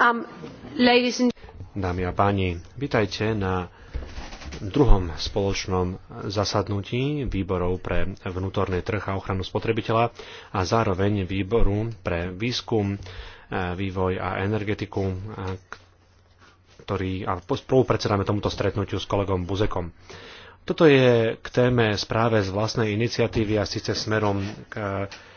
Um, Dámy a páni, vitajte na druhom spoločnom zasadnutí výborov pre vnútorný trh a ochranu spotrebiteľa a zároveň výboru pre výskum, eh, vývoj a energetiku, eh, ktorý a spolupredsedáme tomuto stretnutiu s kolegom Buzekom. Toto je k téme správe z vlastnej iniciatívy a síce smerom k eh,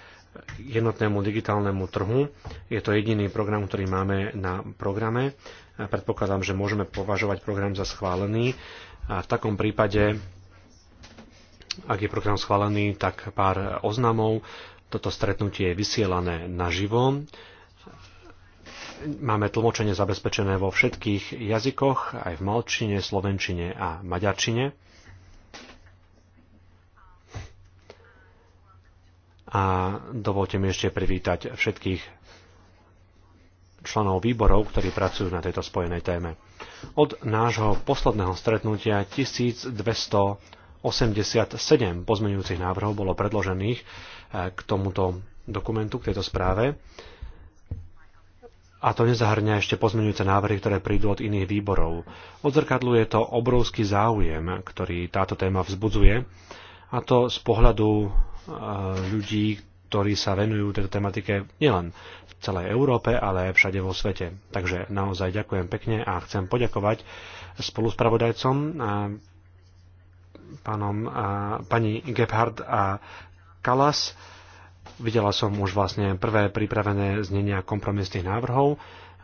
jednotnému digitálnemu trhu. Je to jediný program, ktorý máme na programe. Predpokladám, že môžeme považovať program za schválený. A v takom prípade, ak je program schválený, tak pár oznamov. Toto stretnutie je vysielané naživo. Máme tlmočenie zabezpečené vo všetkých jazykoch, aj v malčine, slovenčine a maďarčine. A dovolte mi ešte privítať všetkých členov výborov, ktorí pracujú na tejto spojenej téme. Od nášho posledného stretnutia 1287 pozmeňujúcich návrhov bolo predložených eh, k tomuto dokumentu, k tejto správe. A to nezahrňa ešte pozmeňujúce návrhy, ktoré prídu od iných výborov. Odzrkadluje to obrovský záujem, ktorý táto téma vzbudzuje, a to z pohľadu ľudí, ktorí sa venujú tejto tematike nielen v celej Európe, ale aj všade vo svete. Takže naozaj ďakujem pekne a chcem poďakovať spoluspravodajcom, pánom, a pani Gebhard a Kalas. Videla som už vlastne prvé pripravené znenia kompromisných návrhov.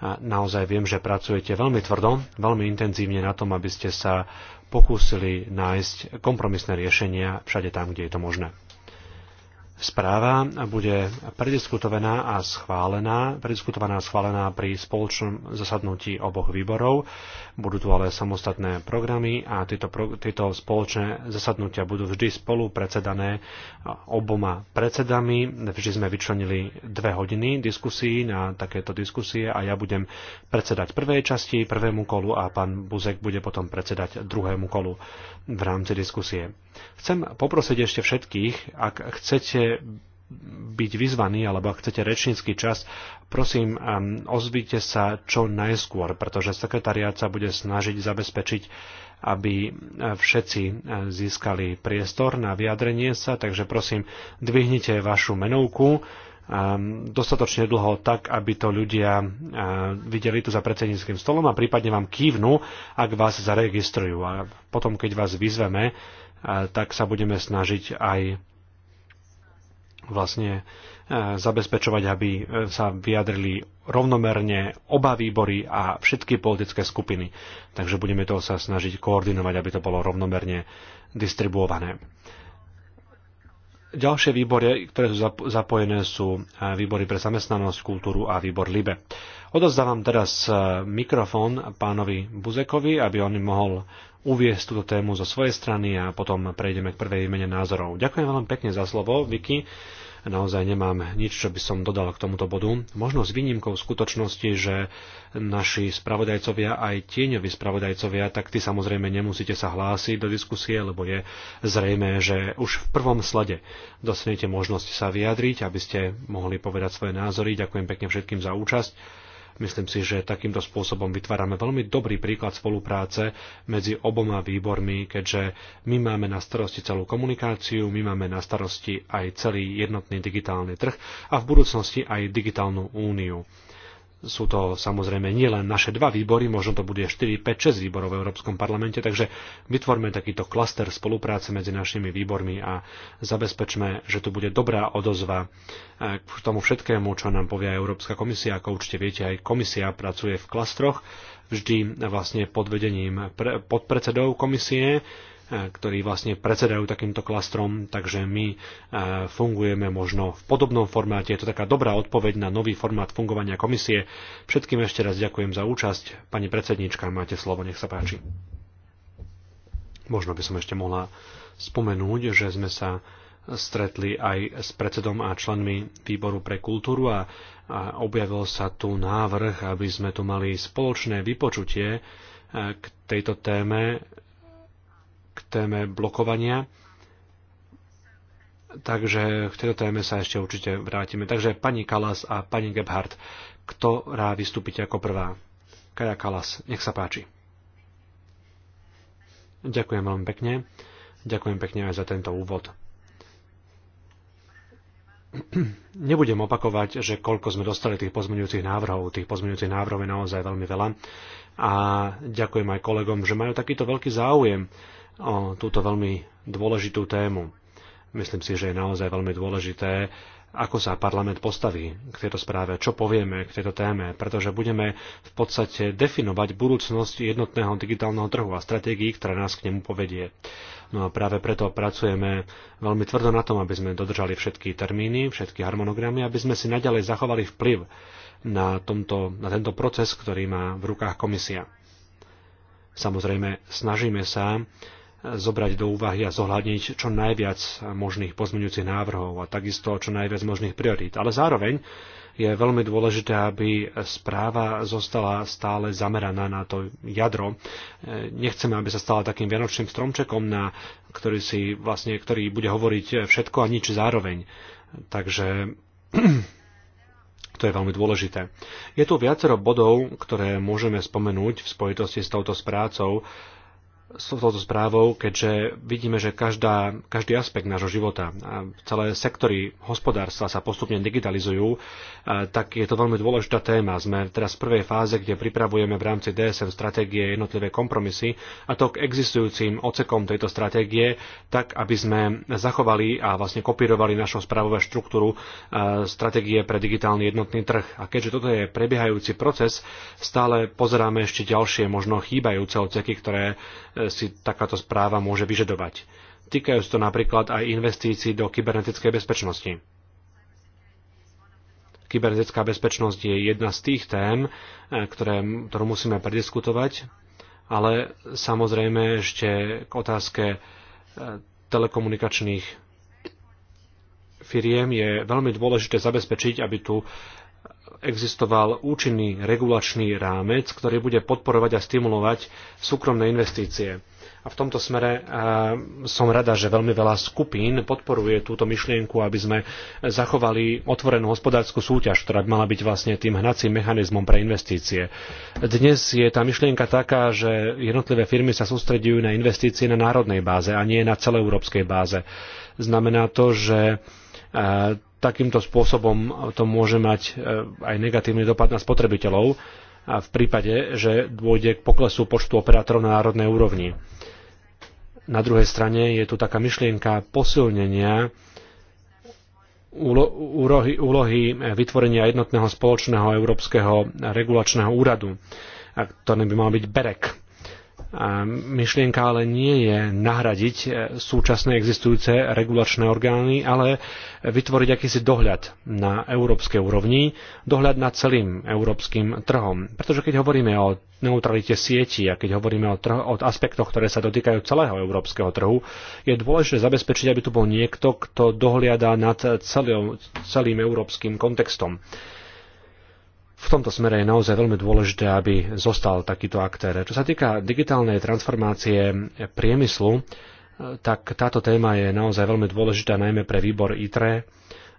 A naozaj viem, že pracujete veľmi tvrdo, veľmi intenzívne na tom, aby ste sa pokúsili nájsť kompromisné riešenia všade tam, kde je to možné. Správa bude prediskutovaná a schválená, prediskutovaná a schválená pri spoločnom zasadnutí oboch výborov. Budú tu ale samostatné programy a tieto, pro, tieto spoločné zasadnutia budú vždy spolu predsedané oboma predsedami. Vždy sme vyčlenili dve hodiny diskusí na takéto diskusie a ja budem predsedať prvej časti, prvému kolu a pán Buzek bude potom predsedať druhému kolu v rámci diskusie. Chcem poprosiť ešte všetkých, ak chcete byť vyzvaný, alebo ak chcete rečnícky čas, prosím, um, ozvite sa čo najskôr, pretože sekretariát sa bude snažiť zabezpečiť, aby uh, všetci uh, získali priestor na vyjadrenie sa, takže prosím, dvihnite vašu menovku, um, dostatočne dlho tak, aby to ľudia uh, videli tu za predsedníckým stolom a prípadne vám kývnu, ak vás zaregistrujú. A potom, keď vás vyzveme, tak sa budeme snažiť aj vlastne e, zabezpečovať, aby e, sa vyjadrili rovnomerne oba výbory a všetky politické skupiny. Takže budeme to sa snažiť koordinovať, aby to bolo rovnomerne distribuované. Ďalšie výbory, ktoré sú zapojené, sú eh, výbory pre zamestnanosť, kultúru a výbor LIBE. Odozdávam teraz eh, mikrofón pánovi Buzekovi, aby on mohol uviesť túto tému zo svojej strany a potom prejdeme k prvej výmene názorov. Ďakujem veľmi pekne za slovo, Vicky. Naozaj nemám nič, čo by som dodal k tomuto bodu. Možno s výnimkou skutočnosti, že naši spravodajcovia aj tieňoví spravodajcovia, tak ty samozrejme nemusíte sa hlásiť do diskusie, lebo je zrejme, že už v prvom slade dostanete možnosť sa vyjadriť, aby ste mohli povedať svoje názory. Ďakujem pekne všetkým za účasť Myslím si, že takýmto spôsobom vytvárame veľmi dobrý príklad spolupráce medzi oboma výbormi, keďže my máme na starosti celú komunikáciu, my máme na starosti aj celý jednotný digitálny trh a v budúcnosti aj digitálnu úniu sú to samozrejme nie len naše dva výbory, možno to bude 4, 5, 6 výborov v Európskom parlamente, takže vytvorme takýto klaster spolupráce medzi našimi výbormi a zabezpečme, že tu bude dobrá odozva eh, k tomu všetkému, čo nám povie Európska komisia. Ako určite viete, aj komisia pracuje v klastroch, vždy eh, vlastne pod vedením podpredsedov komisie, E, ktorí vlastne predsedajú takýmto klastrom, takže my e, fungujeme možno v podobnom formáte. Je to taká dobrá odpoveď na nový formát fungovania komisie. Všetkým ešte raz ďakujem za účasť. Pani predsednička, máte slovo, nech sa páči. Možno by som ešte mohla spomenúť, že sme sa stretli aj s predsedom a členmi výboru pre kultúru a, a objavil sa tu návrh, aby sme tu mali spoločné vypočutie e, k tejto téme téme blokovania. Takže k tejto téme sa ešte určite vrátime. Takže pani Kalas a pani Gebhardt, ktorá vystúpite ako prvá? Kaja Kalas, nech sa páči. Ďakujem veľmi pekne. Ďakujem pekne aj za tento úvod. Nebudem opakovať, že koľko sme dostali tých pozmeňujúcich návrhov. Tých pozmeňujúcich návrhov je naozaj veľmi veľa. A ďakujem aj kolegom, že majú takýto veľký záujem o túto veľmi dôležitú tému. Myslím si, že je naozaj veľmi dôležité, ako sa parlament postaví k tejto správe, čo povieme k tejto téme, pretože budeme v podstate definovať budúcnosť jednotného digitálneho trhu a stratégií, ktorá nás k nemu povedie. No a práve preto pracujeme veľmi tvrdo na tom, aby sme dodržali všetky termíny, všetky harmonogramy, aby sme si naďalej zachovali vplyv na, tomto, na tento proces, ktorý má v rukách komisia. Samozrejme, snažíme sa zobrať do úvahy a zohľadniť čo najviac možných pozmeňujúcich návrhov a takisto čo najviac možných priorít. Ale zároveň je veľmi dôležité, aby správa zostala stále zameraná na to jadro. Nechceme, aby sa stala takým vianočným stromčekom, na ktorý, si vlastne, ktorý bude hovoriť všetko a nič zároveň. Takže to je veľmi dôležité. Je tu viacero bodov, ktoré môžeme spomenúť v spojitosti s touto správcou, s touto správou, keďže vidíme, že každá, každý aspekt nášho života, a celé sektory hospodárstva sa postupne digitalizujú, tak je to veľmi dôležitá téma. Sme teraz v prvej fáze, kde pripravujeme v rámci DSM stratégie jednotlivé kompromisy a to k existujúcim ocekom tejto stratégie, tak aby sme zachovali a vlastne kopírovali našu správovú štruktúru stratégie pre digitálny jednotný trh. A keďže toto je prebiehajúci proces, stále pozeráme ešte ďalšie možno chýbajúce oceky, ktoré si takáto správa môže vyžadovať. Týkajú sa to napríklad aj investícií do kybernetickej bezpečnosti. Kybernetická bezpečnosť je jedna z tých tém, e, ktoré, ktorú musíme prediskutovať, ale samozrejme ešte k otázke e, telekomunikačných firiem je veľmi dôležité zabezpečiť, aby tu existoval účinný regulačný rámec, ktorý bude podporovať a stimulovať súkromné investície. A v tomto smere eh, som rada, že veľmi veľa skupín podporuje túto myšlienku, aby sme zachovali otvorenú hospodárskú súťaž, ktorá by mala byť vlastne tým hnacím mechanizmom pre investície. Dnes je tá myšlienka taká, že jednotlivé firmy sa sústredujú na investície na národnej báze a nie na celoeurópskej báze. Znamená to, že eh, takýmto spôsobom to môže mať e, aj negatívny dopad na spotrebiteľov v prípade, že dôjde k poklesu počtu operátorov na národnej úrovni. Na druhej strane je tu taká myšlienka posilnenia úlohy, úlohy vytvorenia jednotného spoločného európskeho regulačného úradu, ktorý by mal byť BEREC. Myšlienka ale nie je nahradiť e, súčasné existujúce regulačné orgány, ale vytvoriť akýsi dohľad na európskej úrovni, dohľad nad celým európskym trhom. Pretože keď hovoríme o neutralite sieti a keď hovoríme o, trh- o aspektoch, ktoré sa dotýkajú celého európskeho trhu, je dôležité zabezpečiť, aby tu bol niekto, kto dohliada nad celým, celým európskym kontextom v tomto smere je naozaj veľmi dôležité, aby zostal takýto aktér. Čo sa týka digitálnej transformácie priemyslu, tak táto téma je naozaj veľmi dôležitá najmä pre výbor ITRE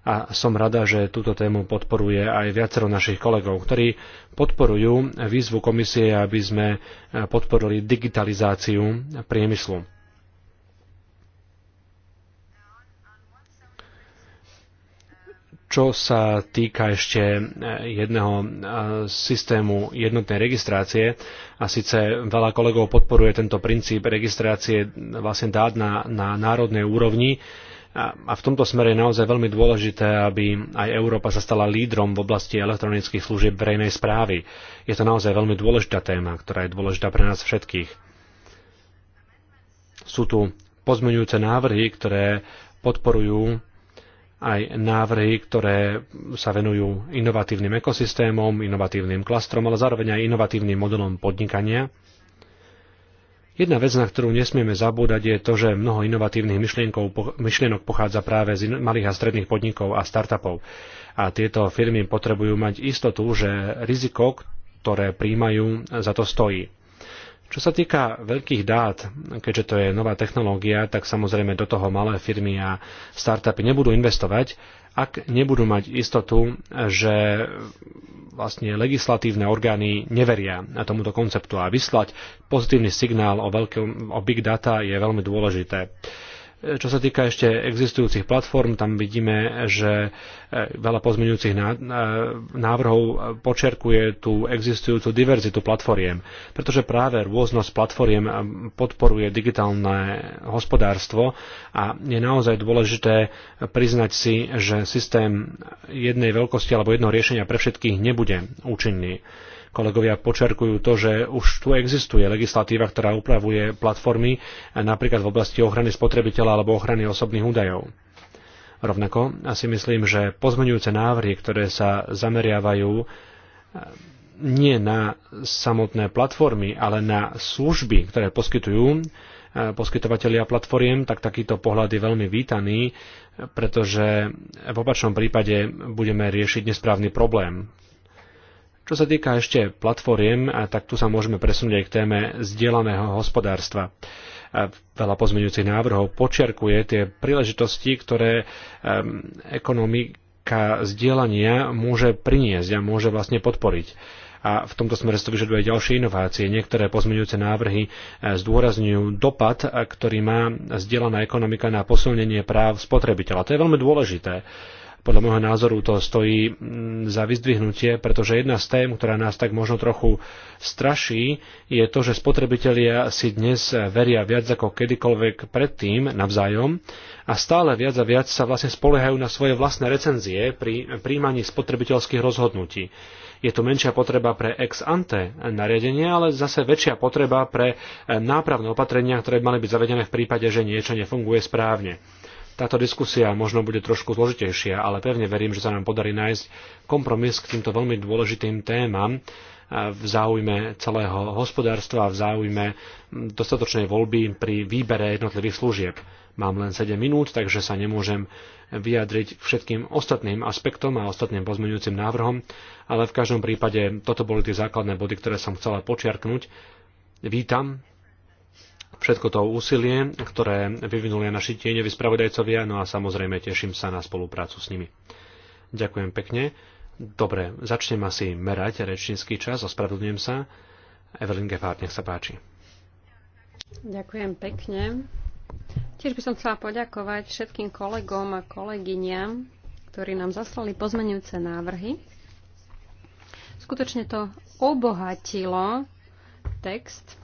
a som rada, že túto tému podporuje aj viacero našich kolegov, ktorí podporujú výzvu komisie, aby sme podporili digitalizáciu priemyslu. Čo sa týka ešte e, jedného e, systému jednotnej registrácie, a síce veľa kolegov podporuje tento princíp registrácie vlastne dát na, na národnej úrovni, a v tomto smere je naozaj veľmi dôležité, aby aj Európa sa stala lídrom v oblasti elektronických služieb verejnej správy. Je to naozaj veľmi dôležitá téma, ktorá je dôležitá pre nás všetkých. Sú tu pozmeňujúce návrhy, ktoré podporujú aj návrhy, ktoré sa venujú inovatívnym ekosystémom, inovatívnym klastrom, ale zároveň aj inovatívnym modelom podnikania. Jedna vec, na ktorú nesmieme zabúdať, je to, že mnoho inovatívnych myšlienok pochádza práve z malých a stredných podnikov a startupov. A tieto firmy potrebujú mať istotu, že riziko, ktoré príjmajú, za to stojí. Čo sa týka veľkých dát, keďže to je nová technológia, tak samozrejme do toho malé firmy a startupy nebudú investovať, ak nebudú mať istotu, že vlastne legislatívne orgány neveria na tomuto konceptu a vyslať pozitívny signál o, veľkom, o big data je veľmi dôležité. Čo sa týka ešte existujúcich platform, tam vidíme, že e, veľa pozmeňujúcich e, návrhov počerkuje tú existujúcu diverzitu platformiem, pretože práve rôznosť platformiem e, podporuje digitálne hospodárstvo a je naozaj dôležité priznať si, že systém jednej veľkosti alebo jednoho riešenia pre všetkých nebude účinný. Kolegovia počerkujú to, že už tu existuje legislatíva, ktorá upravuje platformy napríklad v oblasti ochrany spotrebiteľa alebo ochrany osobných údajov. Rovnako asi myslím, že pozmeňujúce návrhy, ktoré sa zameriavajú eh, nie na samotné platformy, ale na služby, ktoré poskytujú eh, poskytovateľia platformiem, tak takýto pohľad je veľmi vítaný, pretože v opačnom prípade budeme riešiť nesprávny problém. Čo sa týka ešte platformiem, tak tu sa môžeme presunúť aj k téme zdieľaného hospodárstva veľa pozmeňujúcich návrhov počiarkuje tie príležitosti, ktoré um, ekonomika zdieľania môže priniesť a môže vlastne podporiť. A v tomto smere to vyžaduje ďalšie inovácie. Niektoré pozmeňujúce návrhy e, zdôrazňujú dopad, ktorý má zdieľaná ekonomika na posilnenie práv spotrebiteľa. To je veľmi dôležité podľa môjho názoru to stojí mm, za vyzdvihnutie, pretože jedna z tém, ktorá nás tak možno trochu straší, je to, že spotrebitelia si dnes veria viac ako kedykoľvek predtým navzájom a stále viac a viac sa vlastne spoliehajú na svoje vlastné recenzie pri príjmaní spotrebiteľských rozhodnutí. Je tu menšia potreba pre ex ante nariadenie, ale zase väčšia potreba pre nápravné opatrenia, ktoré by mali byť zavedené v prípade, že niečo nefunguje správne. Táto diskusia možno bude trošku zložitejšia, ale pevne verím, že sa nám podarí nájsť kompromis k týmto veľmi dôležitým témam e, v záujme celého hospodárstva a v záujme dostatočnej voľby pri výbere jednotlivých služieb. Mám len 7 minút, takže sa nemôžem vyjadriť všetkým ostatným aspektom a ostatným pozmeňujúcim návrhom, ale v každom prípade toto boli tie základné body, ktoré som chcela počiarknúť. Vítam všetko to úsilie, ktoré vyvinuli naši tieňoví spravodajcovia, no a samozrejme teším sa na spoluprácu s nimi. Ďakujem pekne. Dobre, začnem asi merať rečnícky čas, ospravedlňujem sa. Evelyn Gephardt, nech sa páči. Ďakujem pekne. Tiež by som chcela poďakovať všetkým kolegom a kolegyňam, ktorí nám zaslali pozmenujúce návrhy. Skutočne to obohatilo text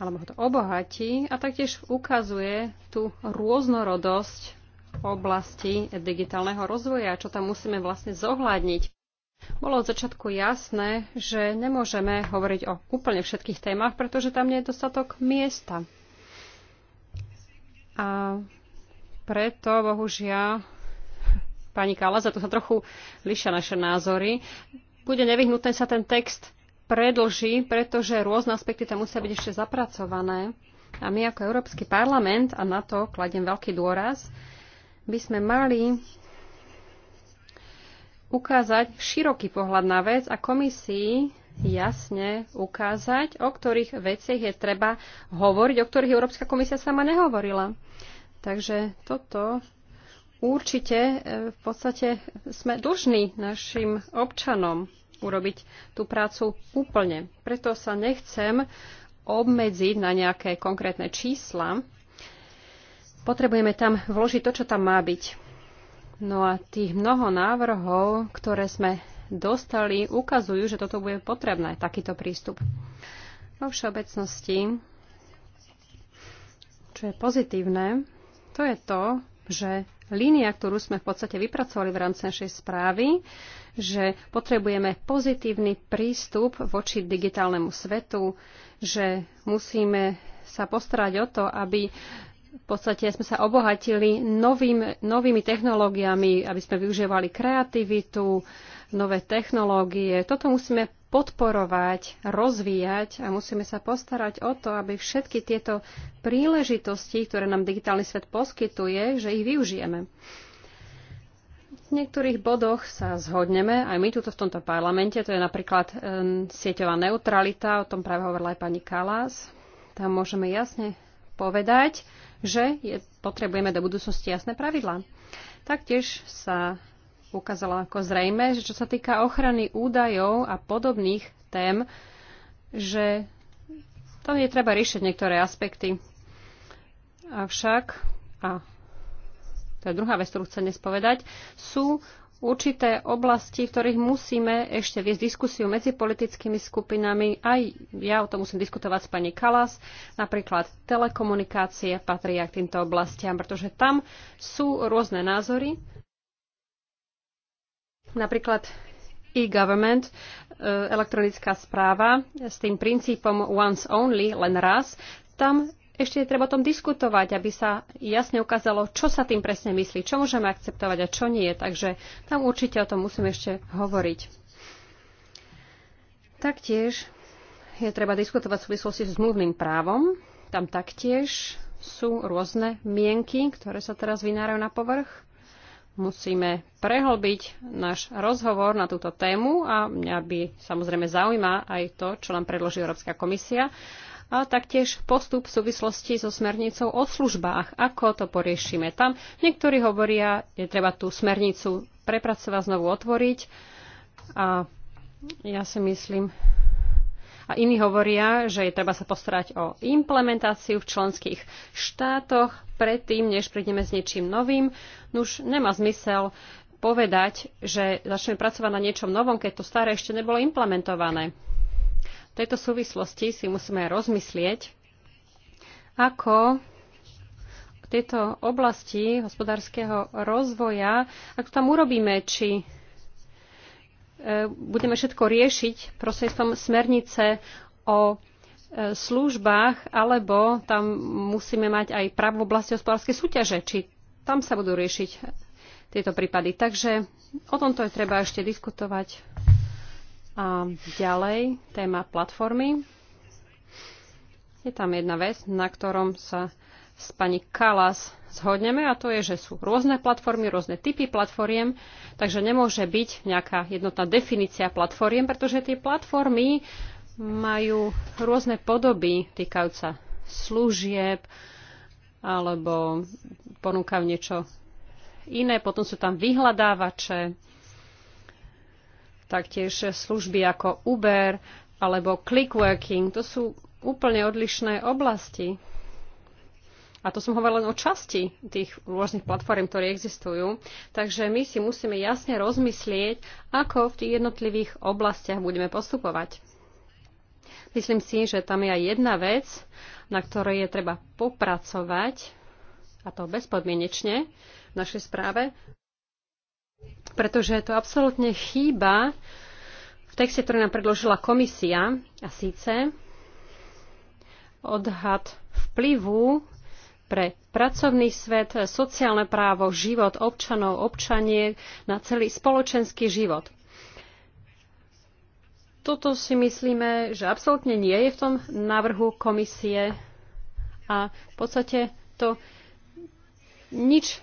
alebo ho to obohatí a taktiež ukazuje tú rôznorodosť oblasti digitálneho rozvoja, čo tam musíme vlastne zohľadniť. Bolo od začiatku jasné, že nemôžeme hovoriť o úplne všetkých témach, pretože tam nie je dostatok miesta. A preto, bohužiaľ, pani Kala, za to sa trochu lišia naše názory, bude nevyhnutné sa ten text predlží, pretože rôzne aspekty tam musia byť ešte zapracované. A my ako Európsky parlament, a na to kladiem veľký dôraz, by sme mali ukázať široký pohľad na vec a komisii jasne ukázať, o ktorých veciach je treba hovoriť, o ktorých Európska komisia sama nehovorila. Takže toto určite e, v podstate sme dlžní našim občanom urobiť tú prácu úplne. Preto sa nechcem obmedziť na nejaké konkrétne čísla. Potrebujeme tam vložiť to, čo tam má byť. No a tých mnoho návrhov, ktoré sme dostali, ukazujú, že toto bude potrebné, takýto prístup. Vo všeobecnosti, čo je pozitívne, to je to, že línia, ktorú sme v podstate vypracovali v rámci našej správy, že potrebujeme pozitívny prístup voči digitálnemu svetu, že musíme sa postarať o to, aby v podstate sme sa obohatili novým, novými technológiami, aby sme využívali kreativitu, nové technológie. Toto musíme podporovať, rozvíjať a musíme sa postarať o to, aby všetky tieto príležitosti, ktoré nám digitálny svet poskytuje, že ich využijeme. V niektorých bodoch sa zhodneme, aj my tuto v tomto parlamente, to je napríklad um, sieťová neutralita, o tom práve hovorila aj pani Kalás. Tam môžeme jasne povedať, že je, potrebujeme do budúcnosti jasné pravidlá. Taktiež sa ukázala ako zrejme, že čo sa týka ochrany údajov a podobných tém, že tam je treba riešiť niektoré aspekty. Avšak, a to je druhá vec, ktorú chcem dnes povedať, sú určité oblasti, v ktorých musíme ešte viesť diskusiu medzi politickými skupinami. Aj ja o tom musím diskutovať s pani Kalas. Napríklad telekomunikácie patria k týmto oblastiam, pretože tam sú rôzne názory Napríklad e-government, e, elektronická správa s tým princípom once only, len raz, tam ešte je treba o tom diskutovať, aby sa jasne ukázalo, čo sa tým presne myslí, čo môžeme akceptovať a čo nie. Takže tam určite o tom musíme ešte hovoriť. Taktiež je treba diskutovať v súvislosti s zmluvným právom. Tam taktiež sú rôzne mienky, ktoré sa teraz vynárajú na povrch musíme prehlbiť náš rozhovor na túto tému a mňa by samozrejme zaujíma aj to, čo nám predloží Európska komisia a taktiež postup v súvislosti so smernicou o službách. Ako to poriešime tam? Niektorí hovoria, že treba tú smernicu prepracovať, znovu otvoriť a ja si myslím, a iní hovoria, že je treba sa postarať o implementáciu v členských štátoch predtým, než prídeme s niečím novým. Nuž nemá zmysel povedať, že začneme pracovať na niečom novom, keď to staré ešte nebolo implementované. V tejto súvislosti si musíme rozmyslieť, ako v tejto oblasti hospodárskeho rozvoja, ako tam urobíme, či budeme všetko riešiť prostredstvom smernice o e, službách, alebo tam musíme mať aj právo v oblasti hospodárskej súťaže, či tam sa budú riešiť tieto prípady. Takže o tomto je treba ešte diskutovať. A ďalej téma platformy. Je tam jedna vec, na ktorom sa s pani Kalas zhodneme a to je, že sú rôzne platformy, rôzne typy platformiem, takže nemôže byť nejaká jednotná definícia platformiem, pretože tie platformy majú rôzne podoby týkajúca služieb alebo ponúkajú niečo iné. Potom sú tam vyhľadávače, taktiež služby ako Uber alebo Clickworking. To sú úplne odlišné oblasti. A to som hovorila len o časti tých rôznych platform, ktoré existujú. Takže my si musíme jasne rozmyslieť, ako v tých jednotlivých oblastiach budeme postupovať. Myslím si, že tam je aj jedna vec, na ktorej je treba popracovať, a to bezpodmienečne v našej správe, pretože to absolútne chýba v texte, ktorý nám predložila komisia, a síce odhad vplyvu pre pracovný svet, sociálne právo, život občanov, občanie, na celý spoločenský život. Toto si myslíme, že absolútne nie je v tom návrhu komisie a v podstate to nič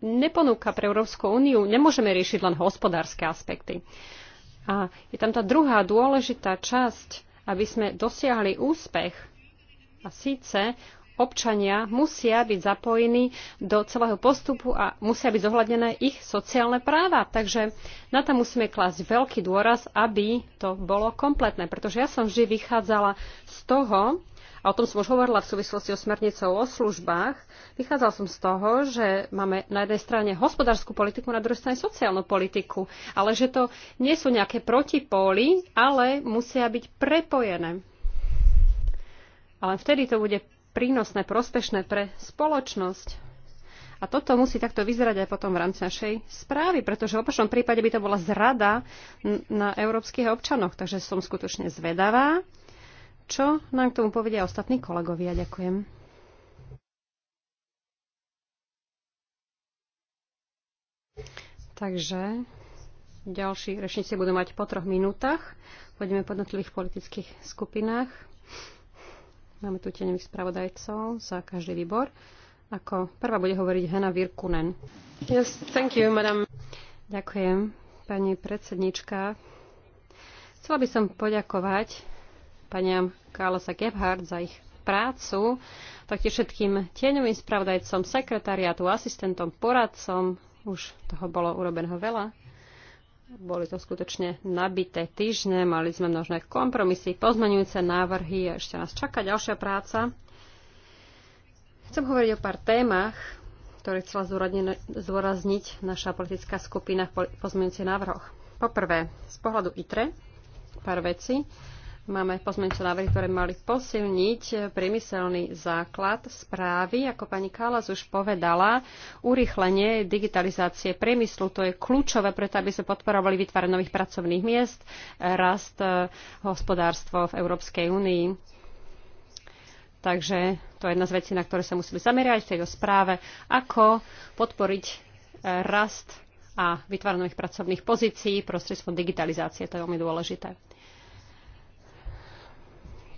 neponúka pre Európsku úniu. Nemôžeme riešiť len hospodárske aspekty. A je tam tá druhá dôležitá časť, aby sme dosiahli úspech a síce občania musia byť zapojení do celého postupu a musia byť zohľadnené ich sociálne práva. Takže na to musíme klásť veľký dôraz, aby to bolo kompletné. Pretože ja som vždy vychádzala z toho, a o tom som už hovorila v súvislosti o smernicou o službách, Vychádzala som z toho, že máme na jednej strane hospodárskú politiku, na druhej strane sociálnu politiku, ale že to nie sú nejaké protipóly, ale musia byť prepojené. Ale vtedy to bude prínosné, prospešné pre spoločnosť. A toto musí takto vyzerať aj potom v rámci našej správy, pretože v opačnom prípade by to bola zrada na európskych občanoch. Takže som skutočne zvedavá, čo nám k tomu povedia ostatní kolegovia. Ďakujem. Takže ďalší rečníci budú mať po troch minútach. poďme po jednotlivých politických skupinách. Máme tu tieňových spravodajcov za každý výbor. Ako prvá bude hovoriť Hena Virkunen. Yes, thank you, madam. Ďakujem, pani predsednička. Chcela by som poďakovať paniam Kálasa Gebhardt za ich prácu, taktiež všetkým tieňovým spravodajcom, sekretariátu, asistentom, poradcom. Už toho bolo urobeného veľa. Boli to skutočne nabité týždne, mali sme množné kompromisy, pozmenujúce návrhy, a ešte nás čaká ďalšia práca. Chcem hovoriť o pár témach, ktoré chcela zdôrazniť naša politická skupina v pozmenujúcich návrhoch. Poprvé, z pohľadu ITRE, pár vecí. Máme pozmeňujúce návrhy, ktoré mali posilniť priemyselný základ správy. Ako pani Kálas už povedala, urýchlenie digitalizácie priemyslu, to je kľúčové preto, aby sme podporovali vytváranie nových pracovných miest, rast eh, hospodárstvo v Európskej únii. Takže to je jedna z vecí, na ktoré sa musíme zamerať v tejto správe, ako podporiť eh, rast a vytváranie nových pracovných pozícií prostredstvom digitalizácie. To je veľmi dôležité.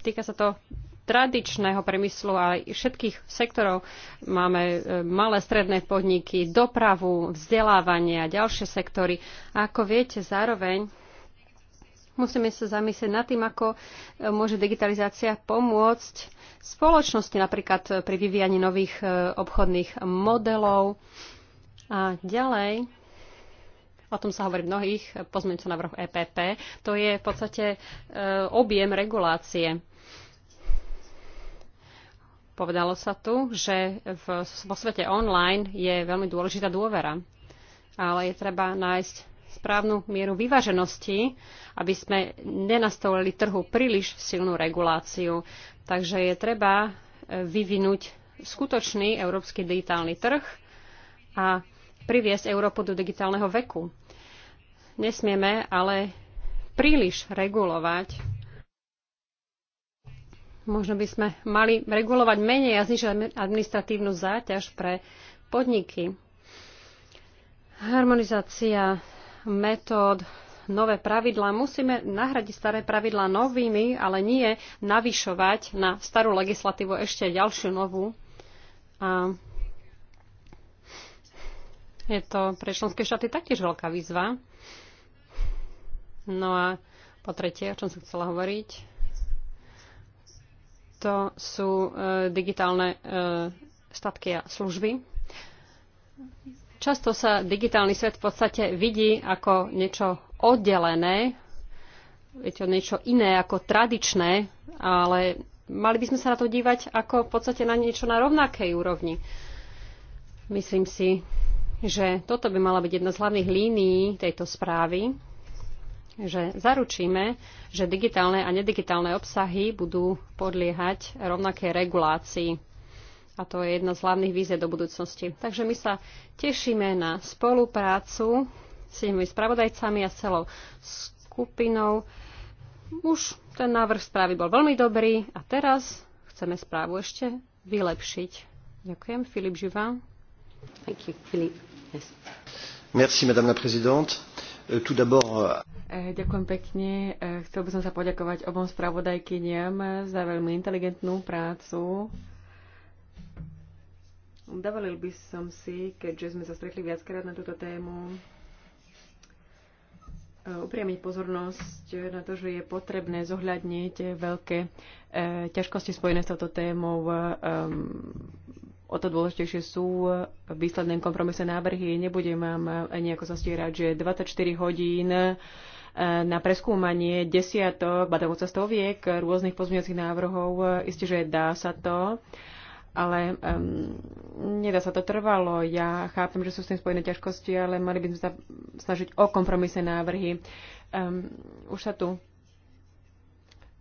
Týka sa to tradičného priemyslu a všetkých sektorov. Máme e, malé stredné podniky, dopravu, vzdelávanie a ďalšie sektory. A ako viete, zároveň musíme sa zamyslieť nad tým, ako e, môže digitalizácia pomôcť spoločnosti napríklad pri vyvíjaní nových e, obchodných modelov. A ďalej o tom sa hovorí v mnohých pozmeňujúcich návrhoch EPP, to je v podstate e, objem regulácie. Povedalo sa tu, že v, vo svete online je veľmi dôležitá dôvera, ale je treba nájsť správnu mieru vyvaženosti, aby sme nenastolili trhu príliš silnú reguláciu. Takže je treba e, vyvinúť skutočný európsky digitálny trh a priviesť Európu do digitálneho veku. Nesmieme ale príliš regulovať. Možno by sme mali regulovať menej a znižiť administratívnu záťaž pre podniky. Harmonizácia metód, nové pravidlá. Musíme nahradiť staré pravidlá novými, ale nie navyšovať na starú legislatívu ešte ďalšiu novú. A je to pre členské štáty taktiež veľká výzva. No a po tretie, o čom som chcela hovoriť, to sú e, digitálne e, statky a služby. Často sa digitálny svet v podstate vidí ako niečo oddelené, je to niečo iné ako tradičné, ale mali by sme sa na to dívať ako v podstate na niečo na rovnakej úrovni. Myslím si, že toto by mala byť jedna z hlavných línií tejto správy, že zaručíme, že digitálne a nedigitálne obsahy budú podliehať rovnaké regulácii. A to je jedna z hlavných vízie do budúcnosti. Takže my sa tešíme na spoluprácu s tými spravodajcami a s celou skupinou. Už ten návrh správy bol veľmi dobrý a teraz chceme správu ešte vylepšiť. Ďakujem. Filip Živa. Thank you, Philippe. Merci, madame la présidente. Euh, tout d'abord... Euh, eh, ďakujem pekne. Eh, chcel by som sa poďakovať obom spravodajkyniam za veľmi inteligentnú prácu. Dovolil by som si, keďže sme sa stretli viackrát na túto tému, eh, upriamiť pozornosť na to, že je potrebné zohľadniť veľké ťažkosti spojené s touto témou o to dôležitejšie sú e, výsledné kompromisné návrhy. Nebudem vám e, nejako zastierať, že 24 hodín e, na preskúmanie desiatok, badavúca stoviek rôznych pozmeňovacích návrhov, isté, že dá sa to, ale um, nedá sa to trvalo. Ja chápem, že sú s tým spojené ťažkosti, ale mali by sme sa snažiť o kompromisné návrhy. Um, už sa tu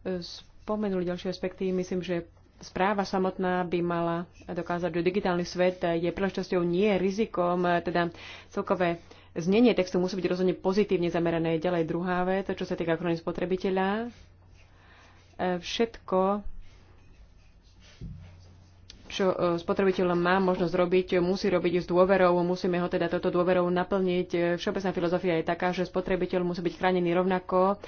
spomenuli ďalšie aspekty. Myslím, že správa samotná by mala dokázať, že digitálny svet je príležitosťou, nie rizikom, teda celkové znenie textu musí byť rozhodne pozitívne zamerané. Ďalej druhá vec, čo sa týka ochrany spotrebiteľa. E, všetko, čo e, spotrebiteľ má možnosť robiť, musí robiť s dôverou, musíme ho teda toto dôverou naplniť. Všeobecná filozofia je taká, že spotrebiteľ musí byť chránený rovnako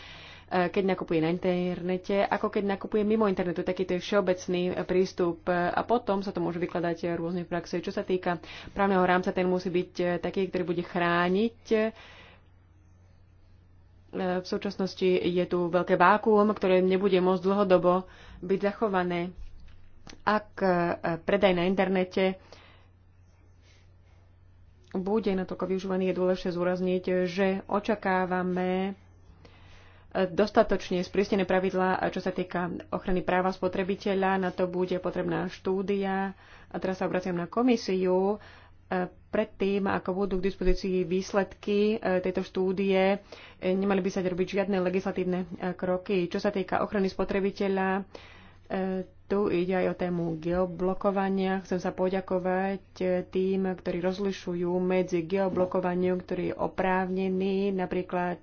Eh, keď nakupuje na internete, ako keď nakupuje mimo internetu. Takýto je všeobecný eh, prístup eh, a potom sa to môže vykladať rôzne praxe. Čo sa týka právneho rámca, ten musí byť taký, ktorý bude chrániť v súčasnosti je tu veľké vákuum, ktoré nebude môcť dlhodobo byť zachované. Ak predaj na internete bude natoľko využívaný, je dôležité zúrazniť, že očakávame dostatočne sprísnené pravidlá, čo sa týka ochrany práva spotrebiteľa. Na to bude potrebná štúdia. A teraz sa obraciam na komisiu. E, predtým, ako budú k dispozícii výsledky e, tejto štúdie, e, nemali by sa robiť žiadne legislatívne kroky. Čo sa týka ochrany spotrebiteľa, tu ide aj o tému geoblokovania. Chcem sa poďakovať tým, ktorí rozlišujú medzi geoblokovaním, ktorý je oprávnený, napríklad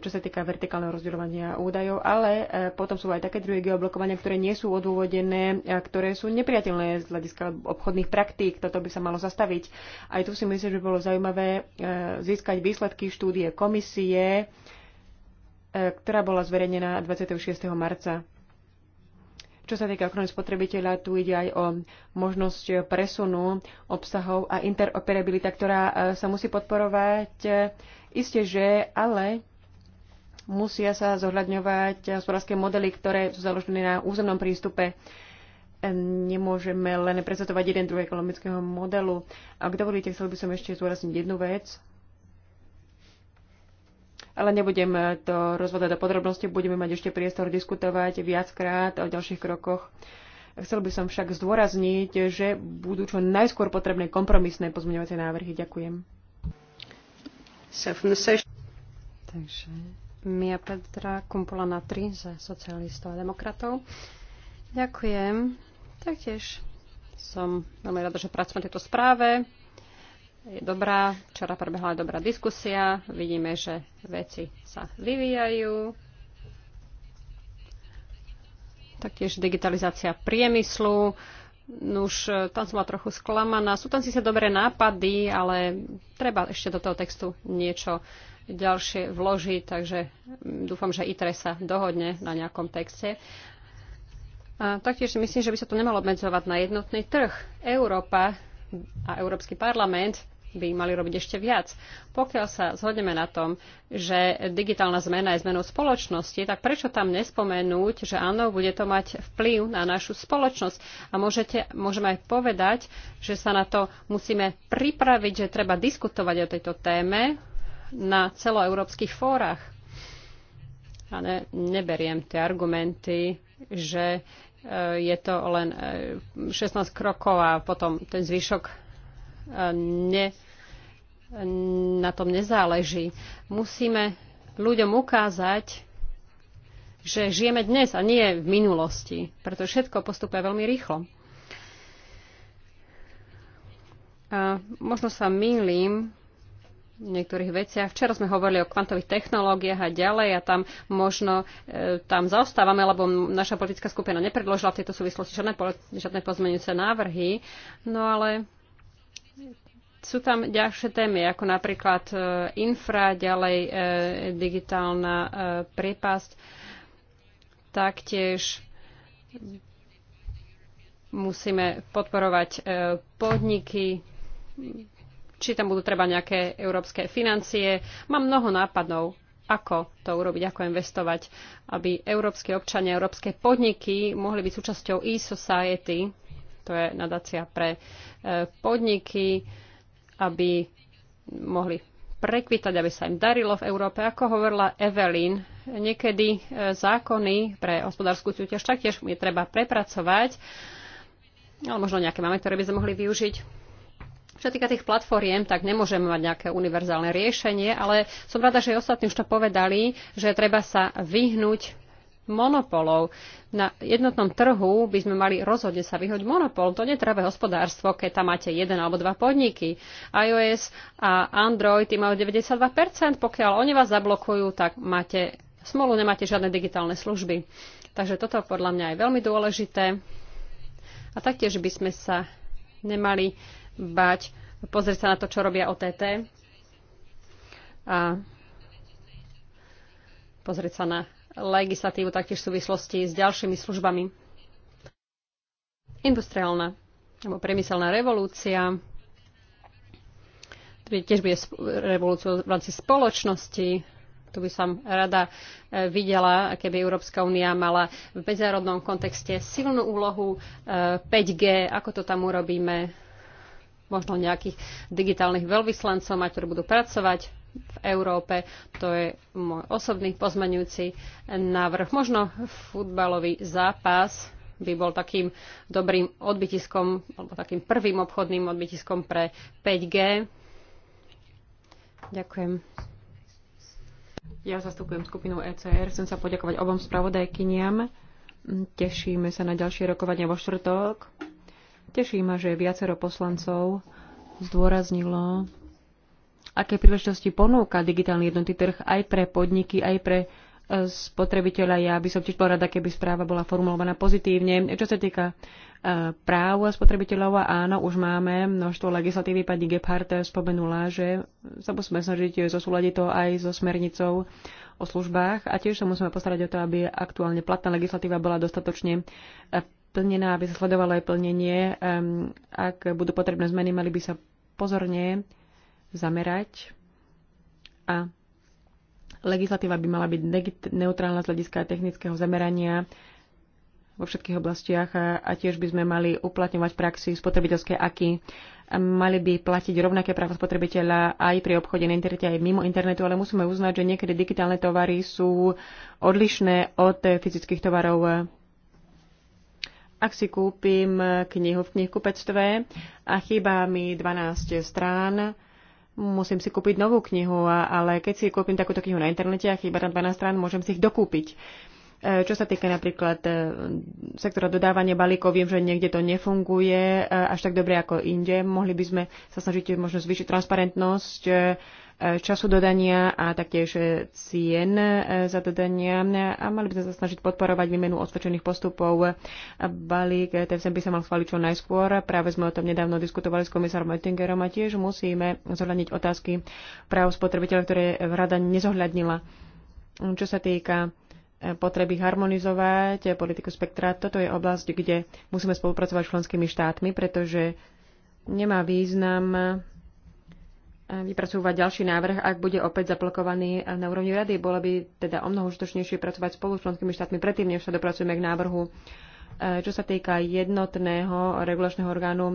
čo sa týka vertikálneho rozdeľovania údajov, ale e, potom sú aj také druhy geoblokovania, ktoré nie sú odôvodené, a ktoré sú nepriateľné z hľadiska obchodných praktík. Toto by sa malo zastaviť. Aj tu si myslím, že by bolo zaujímavé e, získať výsledky štúdie komisie, e, ktorá bola zverejnená 26. marca. Čo sa týka ochrany spotrebiteľa, tu ide aj o možnosť presunu obsahov a interoperabilita, ktorá sa musí podporovať. Isté, že ale musia sa zohľadňovať hospodárske modely, ktoré sú založené na územnom prístupe. Nemôžeme len prezentovať jeden druh ekonomického modelu. Ak dovolíte, chcel by som ešte zúrazniť jednu vec. Ale nebudem to rozvodať do podrobnosti, budeme mať ešte priestor diskutovať viackrát o ďalších krokoch. Chcel by som však zdôrazniť, že budú čo najskôr potrebné kompromisné pozmeňovacie návrhy. Ďakujem. So Takže Mia Petra Kumpula na 3 za socialistov a demokratov. Ďakujem. Taktiež som veľmi rada, že pracujem na tejto správe. Je dobrá. Včera prebehla dobrá diskusia. Vidíme, že veci sa vyvíjajú. Taktiež digitalizácia priemyslu. už tam som bola trochu sklamaná. Sú tam síce dobré nápady, ale treba ešte do toho textu niečo ďalšie vloží, takže dúfam, že ITRE sa dohodne na nejakom texte. A taktiež si myslím, že by sa to nemalo obmedzovať na jednotný trh. Európa a Európsky parlament by mali robiť ešte viac. Pokiaľ sa zhodneme na tom, že digitálna zmena je zmenou spoločnosti, tak prečo tam nespomenúť, že áno, bude to mať vplyv na našu spoločnosť. A môžete, môžeme aj povedať, že sa na to musíme pripraviť, že treba diskutovať o tejto téme na celoeurópskych fórach. A ne, neberiem tie argumenty, že e, je to len 16 e, krokov a potom ten zvyšok e, ne, na tom nezáleží. Musíme ľuďom ukázať, že žijeme dnes a nie v minulosti, pretože všetko postupuje veľmi rýchlo. A možno sa mýlim, niektorých veciach. Včera sme hovorili o kvantových technológiách a ďalej a tam možno e, tam zaostávame, lebo naša politická skupina nepredložila v tejto súvislosti žiadne, žiadne pozmenujúce návrhy. No ale sú tam ďalšie témy, ako napríklad e, infra, ďalej e, digitálna e, priepasť, taktiež musíme podporovať e, podniky, či tam budú treba nejaké európske financie. Mám mnoho nápadov, ako to urobiť, ako investovať, aby európske občania, európske podniky mohli byť súčasťou e-society, to je nadácia pre e, podniky, aby mohli prekvitať, aby sa im darilo v Európe. Ako hovorila Evelyn, niekedy e, zákony pre hospodárskú súťaž taktiež je treba prepracovať, ale možno nejaké máme, ktoré by sme mohli využiť čo sa týka tých platformiem, tak nemôžeme mať nejaké univerzálne riešenie, ale som rada, že ostatní už to povedali, že treba sa vyhnúť monopolov. Na jednotnom trhu by sme mali rozhodne sa vyhoť monopol. To netrebe hospodárstvo, keď tam máte jeden alebo dva podniky. iOS a Android tí majú 92%. Pokiaľ oni vás zablokujú, tak máte smolu, nemáte žiadne digitálne služby. Takže toto podľa mňa je veľmi dôležité. A taktiež by sme sa nemali bať pozrieť sa na to, čo robia OTT a pozrieť sa na legislatívu taktiež v súvislosti s ďalšími službami. Industriálna alebo priemyselná revolúcia, tiež bude revolúciou v rámci spoločnosti, tu by som rada e, videla, keby Európska únia mala v medzinárodnom kontexte silnú úlohu 5G, e, ako to tam urobíme, možno nejakých digitálnych veľvyslancov mať, ktorí budú pracovať v Európe. To je môj osobný pozmenujúci návrh. Možno futbalový zápas by bol takým dobrým odbytiskom, alebo takým prvým obchodným odbytiskom pre 5G. Ďakujem. Ja zastupujem skupinu ECR. Chcem sa poďakovať obom spravodajkyniam. Tešíme sa na ďalšie rokovania vo štvrtok Teší ma, že viacero poslancov zdôraznilo, aké príležitosti ponúka digitálny jednotný trh aj pre podniky, aj pre e, spotrebiteľa. Ja by som tiež bola rada, keby správa bola formulovaná pozitívne. Čo sa týka e, práv spotrebiteľov, áno, už máme množstvo legislatívy. Pani Gebhardt spomenula, že sa musíme snažiť zosúľadiť to aj so smernicou o službách a tiež sa musíme postarať o to, aby aktuálne platná legislatíva bola dostatočne e, plnená, aby sa sledovalo aj plnenie. Ak budú potrebné zmeny, mali by sa pozorne zamerať a legislatíva by mala byť neutrálna z hľadiska technického zamerania vo všetkých oblastiach a tiež by sme mali uplatňovať praxi spotrebiteľské aky. Mali by platiť rovnaké práva spotrebiteľa aj pri obchode na internete, aj mimo internetu, ale musíme uznať, že niekedy digitálne tovary sú odlišné od eh, fyzických tovarov ak si kúpim knihu v knihkupectve a chýba mi 12 strán, musím si kúpiť novú knihu, ale keď si kúpim takúto knihu na internete a chýba tam 12 strán, môžem si ich dokúpiť. E, čo sa týka napríklad e, sektora dodávania balíkov, viem, že niekde to nefunguje e, až tak dobre ako inde. Mohli by sme sa snažiť možno zvýšiť transparentnosť času dodania a taktiež cien e, za dodania a mali by sme sa snažiť podporovať výmenu osvedčených postupov. Balík TFSM by sa mal schváliť čo najskôr. Práve sme o tom nedávno diskutovali s komisárom Oettingerom a tiež musíme zohľadniť otázky práv spotrebiteľov, ktoré rada nezohľadnila. Čo sa týka e, potreby harmonizovať politiku spektra. Toto je oblasť, kde musíme spolupracovať s členskými štátmi, pretože nemá význam vypracovať ďalší návrh, ak bude opäť zablokovaný na úrovni rady. Bolo by teda o mnoho užitočnejšie pracovať spolu s členskými štátmi predtým, než sa dopracujeme k návrhu. E, čo sa týka jednotného regulačného orgánu e,